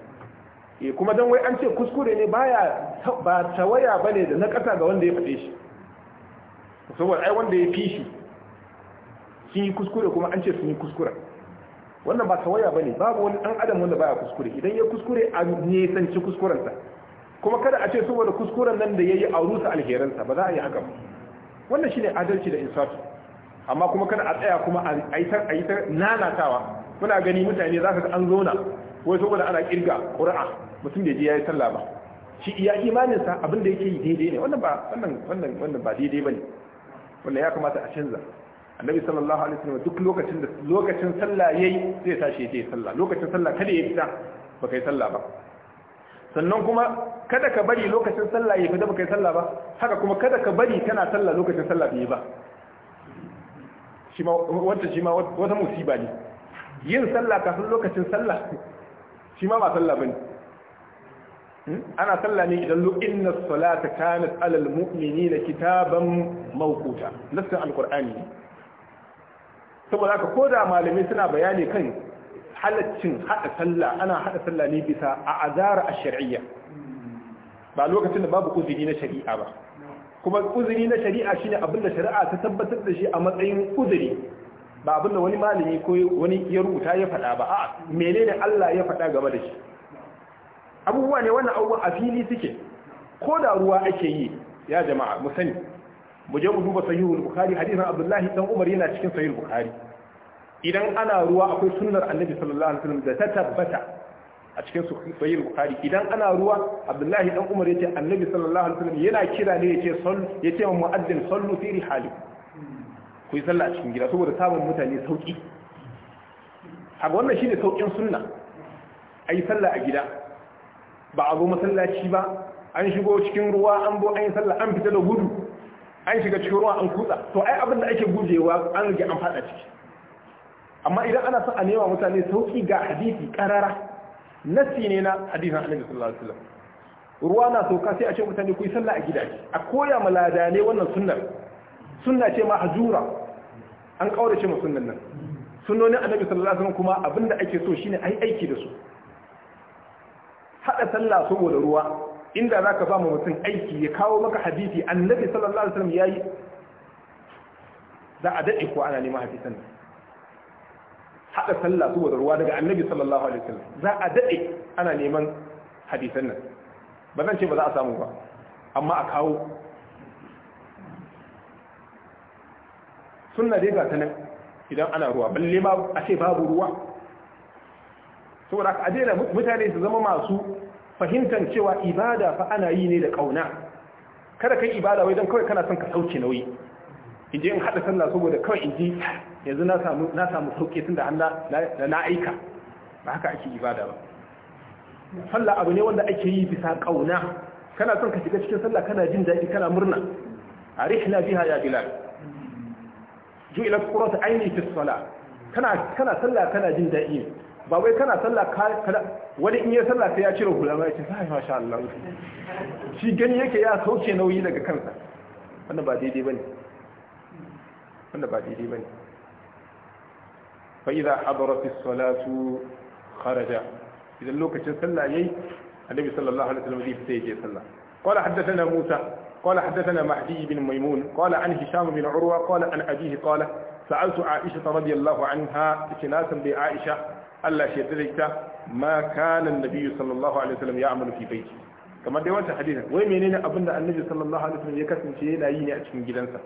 S2: eh kuma dan wai an ce kuskure ne baya ba tawaya bane da na nakata ga wanda ya faɗe shi saboda ai wanda ya fi shi sun yi kuskure kuma an ce sun yi kuskure wannan ba tawaya ne. babu wani dan adam wanda baya kuskure idan ya kuskure a nesanci kuskurensa kuma kada a ce saboda kuskuren nan da ya yi a rusa alheransa ba za a yi haka ba wannan shi ne adalci da insafi amma kuma kada a tsaya kuma a yi ta nanatawa muna gani mutane za ka an zona wai saboda ana kirga ƙura'a mutum bai je yi sallah ba shi iya imaninsa abin da yake yi daidai ne wannan ba daidai ba ne. wanda ya kamata a canza annabi sallallahu alaihi wasallam duk lokacin da lokacin sallah yayi sai tashi ya sallah lokacin sallah kada ya fita ba kai sallah ba sannan kuma kada ka bari lokacin sallah ya fita ba kai sallah ba haka kuma kada ka bari kana sallah lokacin sallah bai ba shi ma wata shi ma wata musiba ne yin sallah kafin lokacin sallah shi ma ba sallah bane ana sallah ne idan lu inna salata kanat alal mu'minina kitaban mawquta nassin alqur'ani saboda haka da malamai suna bayani kan halaccin hada sallah ana hada sallah ne bisa a azara ash-shar'iyya ba lokacin da babu uzuri na shari'a ba kuma uzuri na shari'a shine abin da shari'a ta tabbatar da shi a matsayin uzuri ba abin da wani malami ko wani ya rubuta ya faɗa ba a menene Allah ya faɗa game da shi abubuwa ne wannan abubuwan a fili suke ko da ruwa ake yi ya jama'a mu sani mu je mu duba sahihul bukhari hadisin abdullahi dan umar yana cikin sahihul bukhari idan ana ruwa akwai sunnar annabi sallallahu alaihi wasallam da ta tabbata a cikin sahihul bukhari idan ana ruwa abdullahi dan umar yace annabi sallallahu alaihi wasallam yana kira ne yace sallu yace mu mu'azzin sallu fi rihali ku yi sallah a cikin gida saboda samun mutane sauki haka wannan shine saukin sunna ayi sallah a gida ba a zo masallaci ba an shigo cikin ruwa an bo an yi sallah an fita da gudu an shiga cikin ruwa an kutsa to ai abin da ake gujewa an rage an fada ciki amma idan ana son a nema mutane sauki ga hadisi karara nasi ne na hadisin annabi sallallahu alaihi wasallam ruwa na sauka sai a ce mutane ku yi sallah a gidaje a koya ma ladane wannan sunnar sunna ce ma hajura an kaurace ma sunnan nan sunnonin annabi sallallahu alaihi wasallam kuma abinda ake so shine ai aiki da su haɗa sallah saboda ruwa inda za ka ba mu mutum aiki ya kawo maka hadisi annabi sallallahu alaihi wasallam ya yi za a daɗe ko ana neman hadisan haɗa sallah saboda ruwa daga annabi sallallahu alaihi wasallam za a daɗe ana neman hadisan nan ba zan ce ba za a samu ba amma a kawo sunna dai ga ta nan idan ana ruwa balle ma a ce babu ruwa saboda haka adena mutane su zama masu fahimtar cewa ibada fa ana yi ne da kauna kada kai ibada wai don kawai kana son ka sauke nauyi in je in haɗa sallah saboda kawai in ji yanzu na samu na samu sauke tunda da na na aika ba haka ake ibada ba sallah abu ne wanda ake yi bisa kauna kana son ka shiga cikin sallah kana jin daɗi kana murna arihna biha ya bilal ila qurratu ayni fi salah kana kana sallah kana jin daɗi ba wai kana sallah wani in ya sallah sai ya cire hula ba ya ce sai masha Allah shi gani yake ya sauke nauyi daga kansa wannan ba daidai bane wannan ba daidai bane fa idza hadarat as-salatu kharaja idan lokacin sallah yayi annabi sallallahu alaihi wasallam zai fita je sallah qala haddathana musa قال حدثنا مهدي بن ميمون قال عن هشام بن عروة قال عن أبيه قال سألت عائشة رضي الله عنها اتناسا بعائشة Allah shi da ita ma kana annabi sallallahu alaihi wasallam ya amalu fi baiti kamar dai wannan hadisi wai menene abinda annabi sallallahu alaihi wasallam ya kasance yana yi ne a cikin gidansa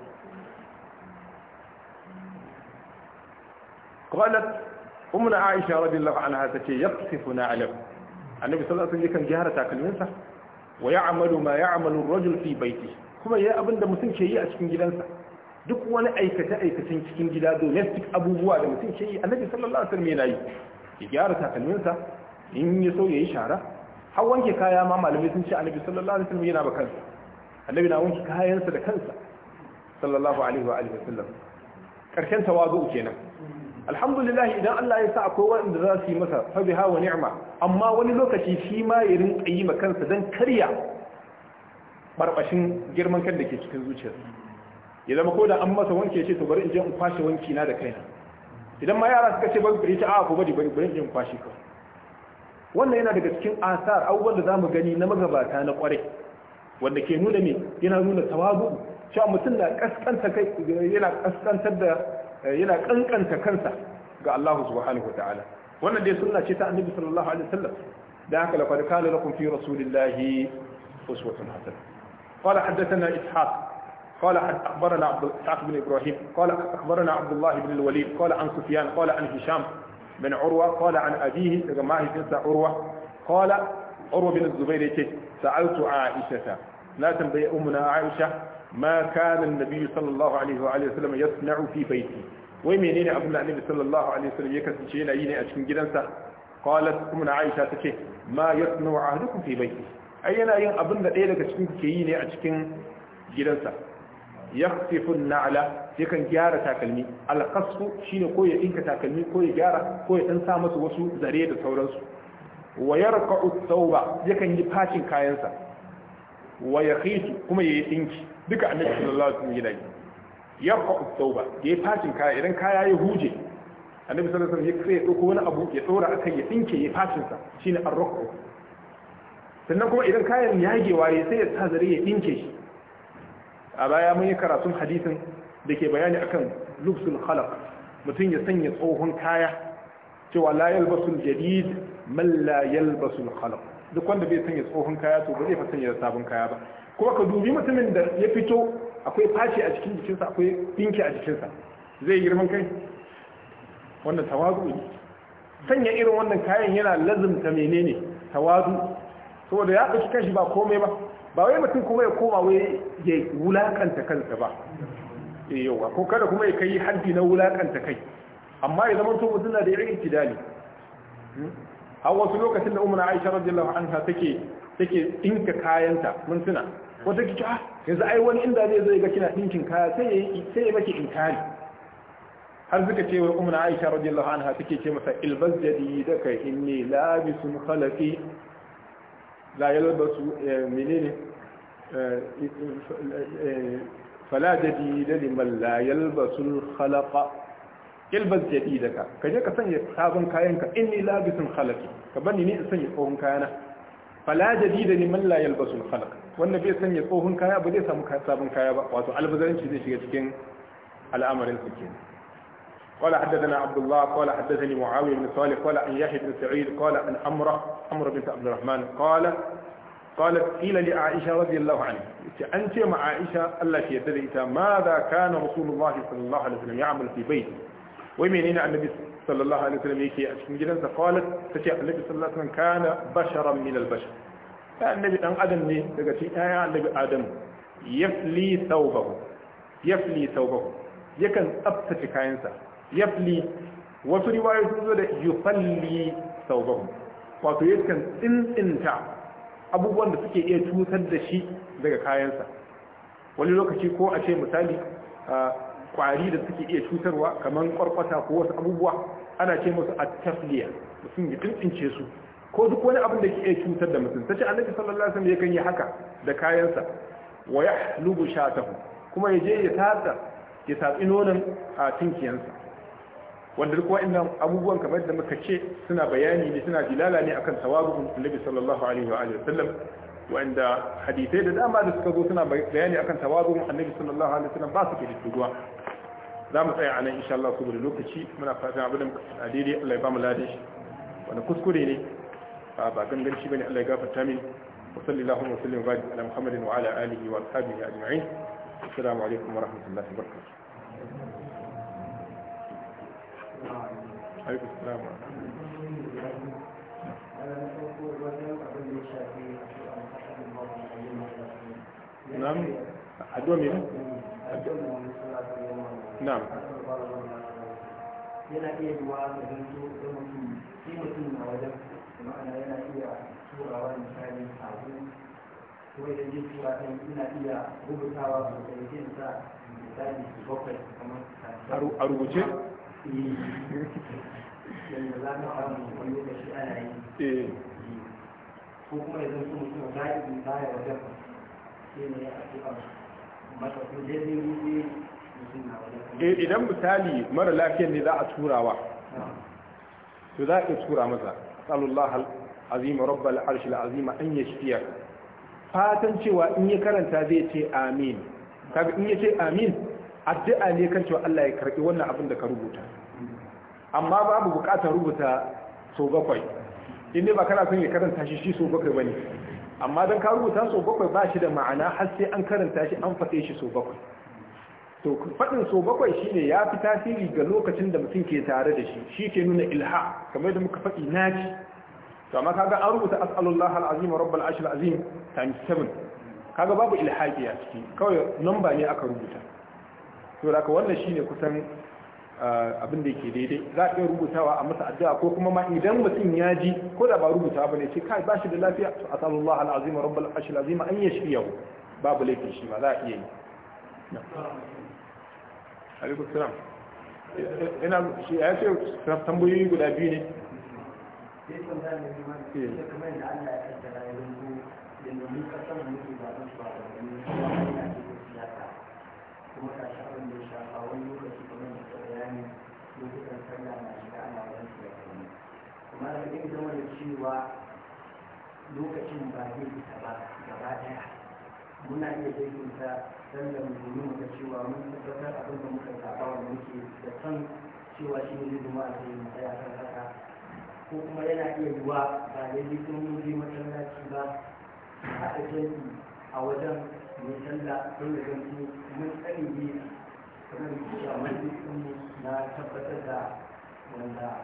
S2: قالت أمنا عائشة رضي الله عنها تتي يقصفنا علم النبي صلى الله عليه وسلم يكن جهرة تاكلمنسا ويعمل ما يعمل الرجل في بيته كما يا أبن دا مسن شيء أشكين duk wani aikace aikacin cikin gida domestic abubuwa da mutum ke yi annabi sallallahu alaihi wasallam yana yi ya gyara takalminsa in ya so ya yi shara har wanke kaya ma malamai sun ce annabi sallallahu alaihi wasallam yana ba kansa annabi na wanke kayansa da kansa sallallahu alaihi wa alihi wasallam karshen tawazu kenan alhamdulillah idan Allah ya sa akwai wanda za su yi masa fa wa ni'ma amma wani lokaci shi ma ya rinka yi ma kansa dan karya barbashin girman kan da ke cikin zuciyarsa ya zama ko da an masa wanke shi to bari in je in kwashe wanki na da kaina idan ma yara suka ce bari ku ta a ku bari bari bari in kwashi ka wannan yana daga cikin asar abubuwan da zamu gani na magabata na kware wanda ke nuna ne yana nuna tawazu cewa mutum na kaskanta kai yana kaskantar da yana kankanta kansa ga Allah subhanahu wataala wannan dai sunna ce ta Annabi sallallahu alaihi wasallam da haka laqad kana lakum fi rasulillahi uswatun hasana qala haddathana ishaq قال أخبرنا عبد الاسحاق بن إبراهيم قال أخبرنا عبد الله بن الوليد قال عن سفيان قال عن هشام بن عروة قال عن أبيه جماعه جنس عروة قال عروة بن الزبير سألت عائشة لا تنبي أمنا عائشة ما كان النبي صلى الله عليه وآله وسلم يصنع في بيته ومنين أبو النبي صلى الله عليه وسلم يكتب شيئا يني أشكن جنسه قالت أمنا عائشة تكي ما يصنع عهدكم في بيته أي أنا أبن ذا إيه لك أشكن كيني yaqtifu an-na'la yakan gyara takalmi al-qasfu shine ko ya dinka takalmi ko ya gyara ko ya dan sa masa wasu zare da sauransu wa yarqa'u thawba yakan yi fashin kayansa wa yakhitu kuma yayi dinki duka annabi sallallahu alaihi wasallam yayi yi yarqa'u thawba yayi fashin kaya idan kaya ya huje annabi sallallahu alaihi wasallam ya dauko wani abu ya tsora akai ya dinke yayi fashin sa shine ar-ruqu sannan kuma idan kayan yagewa ne sai ya sa zare ya dinke shi a baya mun yi karatun hadisin da ke bayani akan lubsul khalaq mutum ya sanya tsohon kaya cewa la yalbasul jadid man la yalbasul khalaq duk wanda bai sanya tsohon kaya to ba zai fa sanya sabon kaya ba kuma ka dubi mutumin da ya fito akwai fashi a cikin jikinsa akwai dinki a jikinsa zai girman kai wannan tawazu ne sanya irin wannan kayan yana lazimta menene tawazu saboda ya ɗauki kashi ba komai ba ba wai mutum kuma ya koma wai ya wulakanta kansa ba eh, yawa ko kada kuma ya kai haddi na wulakanta kai amma ya zama tun mutum na da irin tidali hmm? a wasu lokacin da umarna aisha radiyallahu anha take take dinka kayanta mun tuna take ki ah yanzu ai wani inda zai zo ga kina dinkin kaya sai yi sai ya maki inkari har suka ce wa umarna aisha radiyallahu anha take ce masa ilbas kai inni labisun khalaqi la yalbasu eh, menene fala jadida liman la yalbasul khalaqa ilbas jadidaka ka je ka sanya sabon kayan ka inni labisun khalaqi ka bani ne in sanya tsohon kayana fala jadida liman la yalbasul khalaq wanda bai sanya tsohon kaya ba zai samu sabon kaya ba wato albazaranci zai shiga cikin al'amarin su kenan قال حدثنا عبد الله قال حدثني معاوية بن صالح قال عن يحيى بن سعيد قال عن أمره أمر بنت عبد الرحمن قال قالت قيل لعائشة رضي الله عنها أنت مع عائشة الله في يدري ماذا كان رسول الله صلى الله عليه وسلم يعمل في بيته ومنين النبي صلى الله عليه وسلم يكي أشكم جلسة قالت تشيء النبي صلى الله عليه وسلم كان بشرا من البشر النبي أن آدم لي تقول آية النبي آدم يفلي ثوبه يفلي ثوبه يكن أبتش كاينسا يفلي وفي رواية يفلي ثوبه وفي يكن إن إنتا abubuwan da suke iya cutar da shi daga kayansa wani lokaci ko a ce misali kwari da suke iya cutarwa kamar kwarkwata ko wasu abubuwa ana ce musu at-tafliya mutum ya tuntunce su ko duk wani abin da ke iya cutar da mutum ta ce annabi sallallahu alaihi wasallam yakan yi haka da kayansa wa yahlubu shatahu kuma yaje ya tatsa ya tatsi nonon a tinkiyansa wanda duk wa'annan abubuwan kamar da muka ce suna bayani ne suna dilala ne akan tawabu'un annabi sallallahu alaihi wa alihi wasallam wanda hadisai da dama da suka zo suna bayani akan tawazu'un annabi sallallahu alaihi wa sallam, ba su ke dudduwa za mu tsaya anan, nan insha Allah saboda lokaci muna fatan abin da muka faɗa daidai Allah ya ba mu ladan shi wani kuskure ne ba gangan shi bane Allah ya gafarta min wa sallallahu wa sallam ala Muhammadin wa ala alihi wa ashabihi ajma'in assalamu alaikum wa rahmatullahi wa barakatuh alaikum salam na'am addu'a me
S1: yana iya yiwa da zanto da mutum shi mutum na wajen ma'ana yana iya turawa misali ko tura ina iya rubutawa sosai jin sa misali bakwai kamar a rubuce Eh. Eh,
S2: idan misali mara lafiyar ne za a turawa to za a tura masa sallallahu azima rabbal arshil azima an yashfiya fatan cewa in ya karanta zai ce amin kaga in ya ce amin addu'a ne kan cewa Allah ya karbi wannan abin da ka rubuta amma babu bukatar rubuta so bakwai in ba kana son ya karanta shi shi so bakwai bane amma dan ka rubuta so bakwai ba shi da ma'ana har sai an karanta shi an faɗe shi so bakwai to faɗin so bakwai shine ya fi tasiri ga lokacin da mutum ke tare da shi shi ke nuna ilha kamar da muka faɗi naci to amma kaga an rubuta as'alullah al'azim rabbal ashil azim times kaga babu ilhaqiya ciki kawai number ne aka rubuta to da wannan shine kusan ah, abin da yake daidai za a iya rubutawa a masa addu'a ko kuma ma idan mutum ya ji ko da ba rubuta ba ne ce kai ba shi da lafiya to asallallahu alazim rabbul ashil azim an ba babu laifin shi ma za a iya yi alaikum salam ina shi ya ce tambayoyi guda biyu ne
S1: sai tambaya ne eh. Allah ya malamin zama da cewa lokacin ba zai fita ba gaba daya muna iya daidaita sallar mu muka cewa mun tabbatar abin da muka zaɓa wanda muke da san cewa shi ne zama a cikin matsaya kan haka ko kuma yana iya yiwa ba da yi sun yi masallaci ba haɗa a wajen mai sallah don da ganci mun tsani ne kamar cewa mun na tabbatar da wanda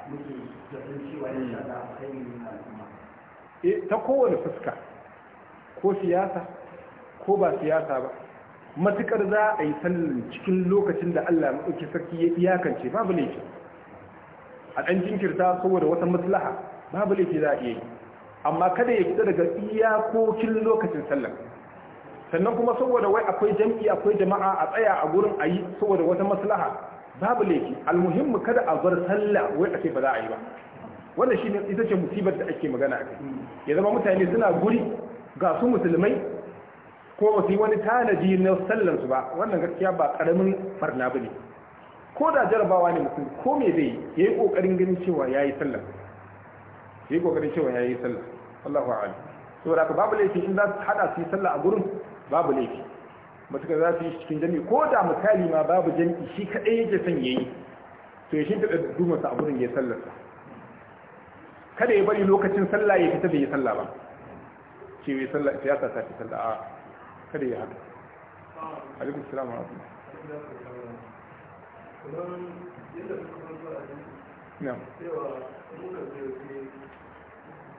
S2: e, ta kowane fuska ko siyasa ko ba siyasa ba matukar za a yi sallin cikin lokacin da Allah maɗauki sarki ya iyakance babu laifi a ɗan jinkirta saboda wata maslaha babu laifi za a iya yi amma kada ya fita daga iyakokin lokacin sallar sannan kuma saboda wai akwai jam'i akwai jama'a a tsaya a gurin ayi saboda wata maslaha babu laifi almuhimmu kada a bar sallah wai a ce ba za a yi ba wannan shine ita ce musibar da ake magana a kai ya zama mutane suna guri ga su musulmai ko ba su yi wani tanadi na sallar su ba wannan gaskiya ba karamin farna bane ko da jarabawa ne mutum ko me zai yi kokarin ganin cewa yayi sallah yayi kokarin cewa yayi sallah Allahu a'lam saboda babu laifi in za su hada su yi sallah a gurin babu laifi matuka za su yi cikin jami ko da misali ma babu jami shi kaɗai yake son ya yi to ya shi da dumansa a wurin ya sallarsa kada ya bari lokacin sallah ya fita bai yi sallah ba ce ya sallah ya sa ta fi sallah a kada ya haka alaikun salam wa rahmatullah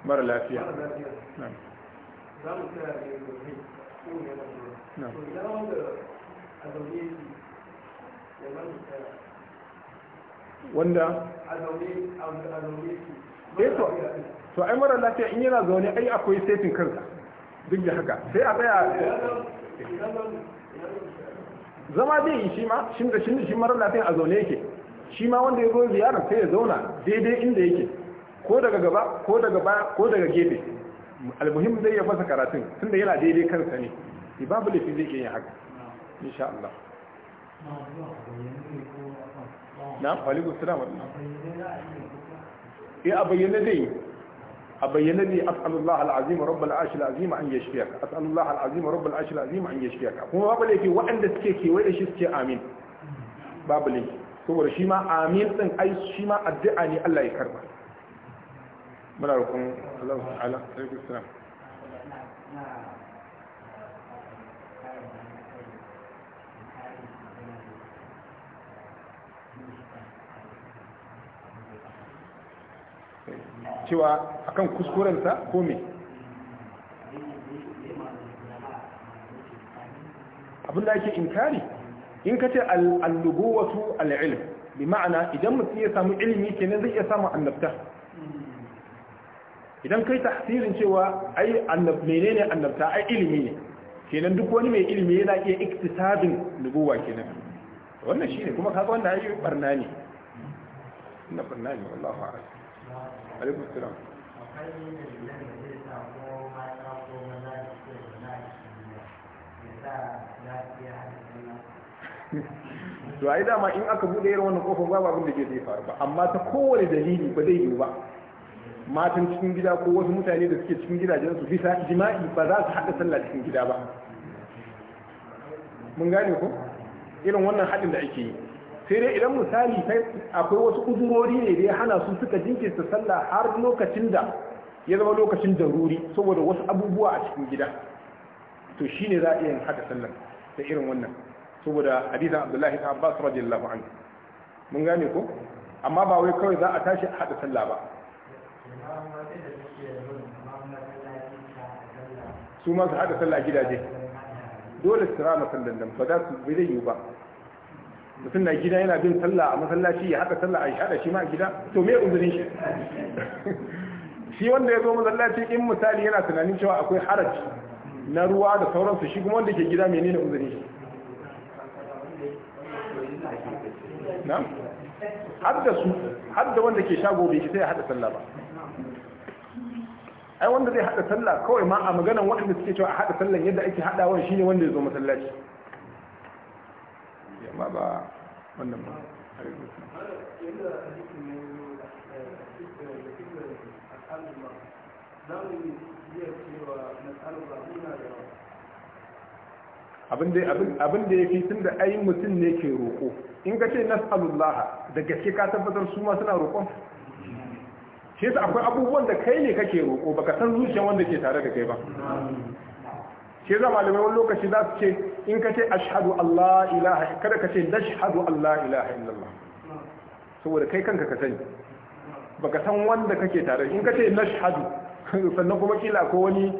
S1: mara lafiya za mu tsaya na wanda
S2: eto eh to ai mara lafiya in yana zaune ai akwai setin kansa duk da haka sai a tsaya zama zai yi shi ma shi da shi mara lafiya a zaune yake shi ma wanda ya zo ziyara sai ya zauna daidai inda yake ko daga gaba ko daga baya ko daga gefe almuhim zai iya fasa karatun tun da yana daidai kansa ne babu laifi zai iya yin haka insha Allah
S1: na falikun salam wa eh,
S2: ya a bayyana dai a bayyana ne as'alullah al'azim rabbal arshil azim an yashfiyaka as'alullah al'azim rabbal arshil azim an yashfiyaka kuma babu laifi waɗanda suke kewaye da shi suke amin babu laifi saboda shi ma amin din ai shi ma addu'a ne Allah ya karba muna roƙon Allah ta'ala alaikum salam cewa akan kuskurensa ko me abinda ake inkari in ka ce al-nubuwatu al-ilm bi ma'ana idan mutum ya samu ilimi kenan zai iya samu annabta idan kai tafsirin cewa ai annab menene annabta ai ilimi ne kenan duk wani mai ilimi yana iya iktisabin nubuwa kenan wannan shine kuma kaga wannan ai barna ne inna barna ne wallahi a'lam alaikum assalam to ai dama in aka bude irin wannan kofar babu abin da ke zai faru ba amma ta kowane dalili ba zai yiwu ba matan cikin gida ko wasu mutane da suke cikin gidajen su bisa jima'i ba za su haɗa sallah cikin gida ba mun gane ko irin wannan haɗin da ake yi sai dai idan misali akwai wasu uzurori ne da ya hana su suka jinkirta sallah har lokacin da ya zama lokacin daruri saboda wasu abubuwa a cikin gida to shine za a iya haɗa sallah da irin wannan saboda hadisan Abdullahi ta Abbas radiyallahu anhu mun gane ko amma ba wai kawai za a tashi a haɗa sallah ba
S1: su ma su haɗa sallah gidaje
S2: dole su rama sallan nan ba za su bai zai yiwu ba mutum na gida yana bin sallah a masallaci ya haɗa sallah a ya haɗa shi ma a gida to me uzurin shi shi wanda ya zo masallaci in misali yana tunanin cewa akwai haraji na ruwa da sauransu shi kuma wanda ke gida menene uzurin shi
S1: na'am har su har wanda ke shago bai
S2: sai ya hada sallah ba ai wanda zai hada sallah kawai ma a maganan waɗanda suke cewa a hada sallan yadda ake hadawa shine wanda ya zo masallaci amma ba wannan ba abin da ya fi tun da ayin mutum ne ke roƙo in ka ce nas'alullaha da gaske ka tabbatar su ma suna roƙon shi yasa akwai abubuwan da kai ne kake roƙo baka san zuciya wanda ke tare da kai ba shi yasa malamai wani lokaci za su ce in ka ce ashhadu allah ilaha kada ka ce nashhadu allah ilaha illallah saboda kai kanka ka sani baka san wanda kake tare in ka ce nashhadu sannan kuma kila ko wani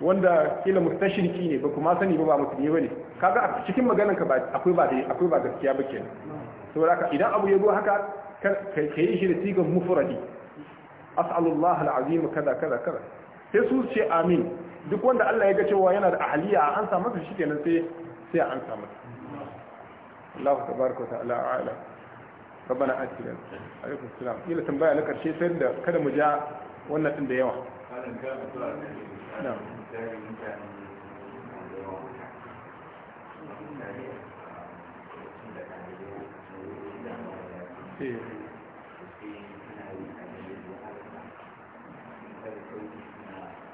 S2: wanda kila mustashirki ne ba kuma sani ba ba musulmi bane kaga a cikin maganar ka ba akwai ba dai akwai ba gaskiya ba kenan saboda haka idan abu ya zo haka kai kai shi da sigar mufradi as'alu as'alullah al'azim kaza kaza kaza sai su ce amin duk wanda Allah ya ga cewa yana da ahliya an sa masa shi kenan sai sai an sa masa Allah tabaraka wa ta'ala a'ala rabbana atina alaikum salam ila tambaya na karshe sai da kada mu ja wannan din da yawa
S1: na'am Eh, eh.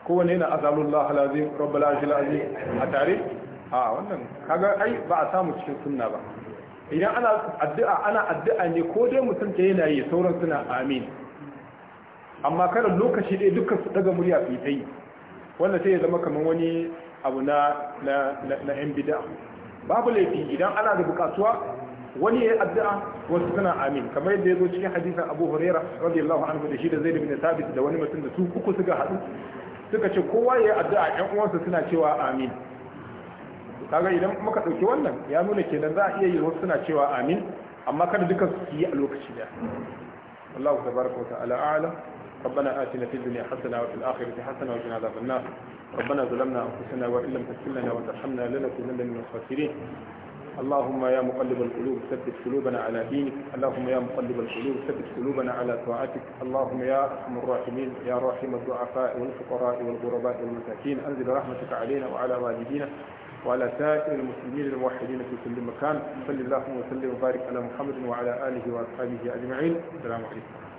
S2: Ko wani na a yana azalullah alazim rabbal ajil a tare a wannan kaga ai ba a samu cikin sunna ba idan ana addu'a ana addu'a ne ko dai mutum ta yana yi sauran suna amin amma kada lokaci dai dukkan su daga murya su yi wannan sai ya zama kamar wani abu na na yan bid'a babu laifi idan ana da bukatuwa wani ya yi addu'a wasu suna amin kamar yadda ya zo cikin hadisin Abu Huraira radiyallahu anhu da shi da Zaid bin Thabit da wani mutum da su uku suka haɗu suka ce kowa ya addu'a 'yan uwansa suna cewa amin kaga idan muka ɗauki wannan ya nuna kenan za a iya yi wasu suna cewa amin amma kada duka su yi a lokaci da Allahu tabaraka wa ta'ala a'lam ربنا آتنا في الدنيا حسنة وفي الآخرة حسنة وقنا عذاب النار ربنا ظلمنا أنفسنا وإن لم تغفر لنا وترحمنا لنكونن من الخاسرين اللهم يا مقلب القلوب ثبت قلوبنا على دينك اللهم يا مقلب القلوب ثبت قلوبنا على طاعتك اللهم يا ارحم الراحمين يا راحم الضعفاء والفقراء والغرباء والمساكين انزل رحمتك علينا وعلى والدينا وعلى سائر المسلمين الموحدين في كل مكان صل اللهم وسلم وبارك على محمد وعلى اله واصحابه اجمعين السلام عليكم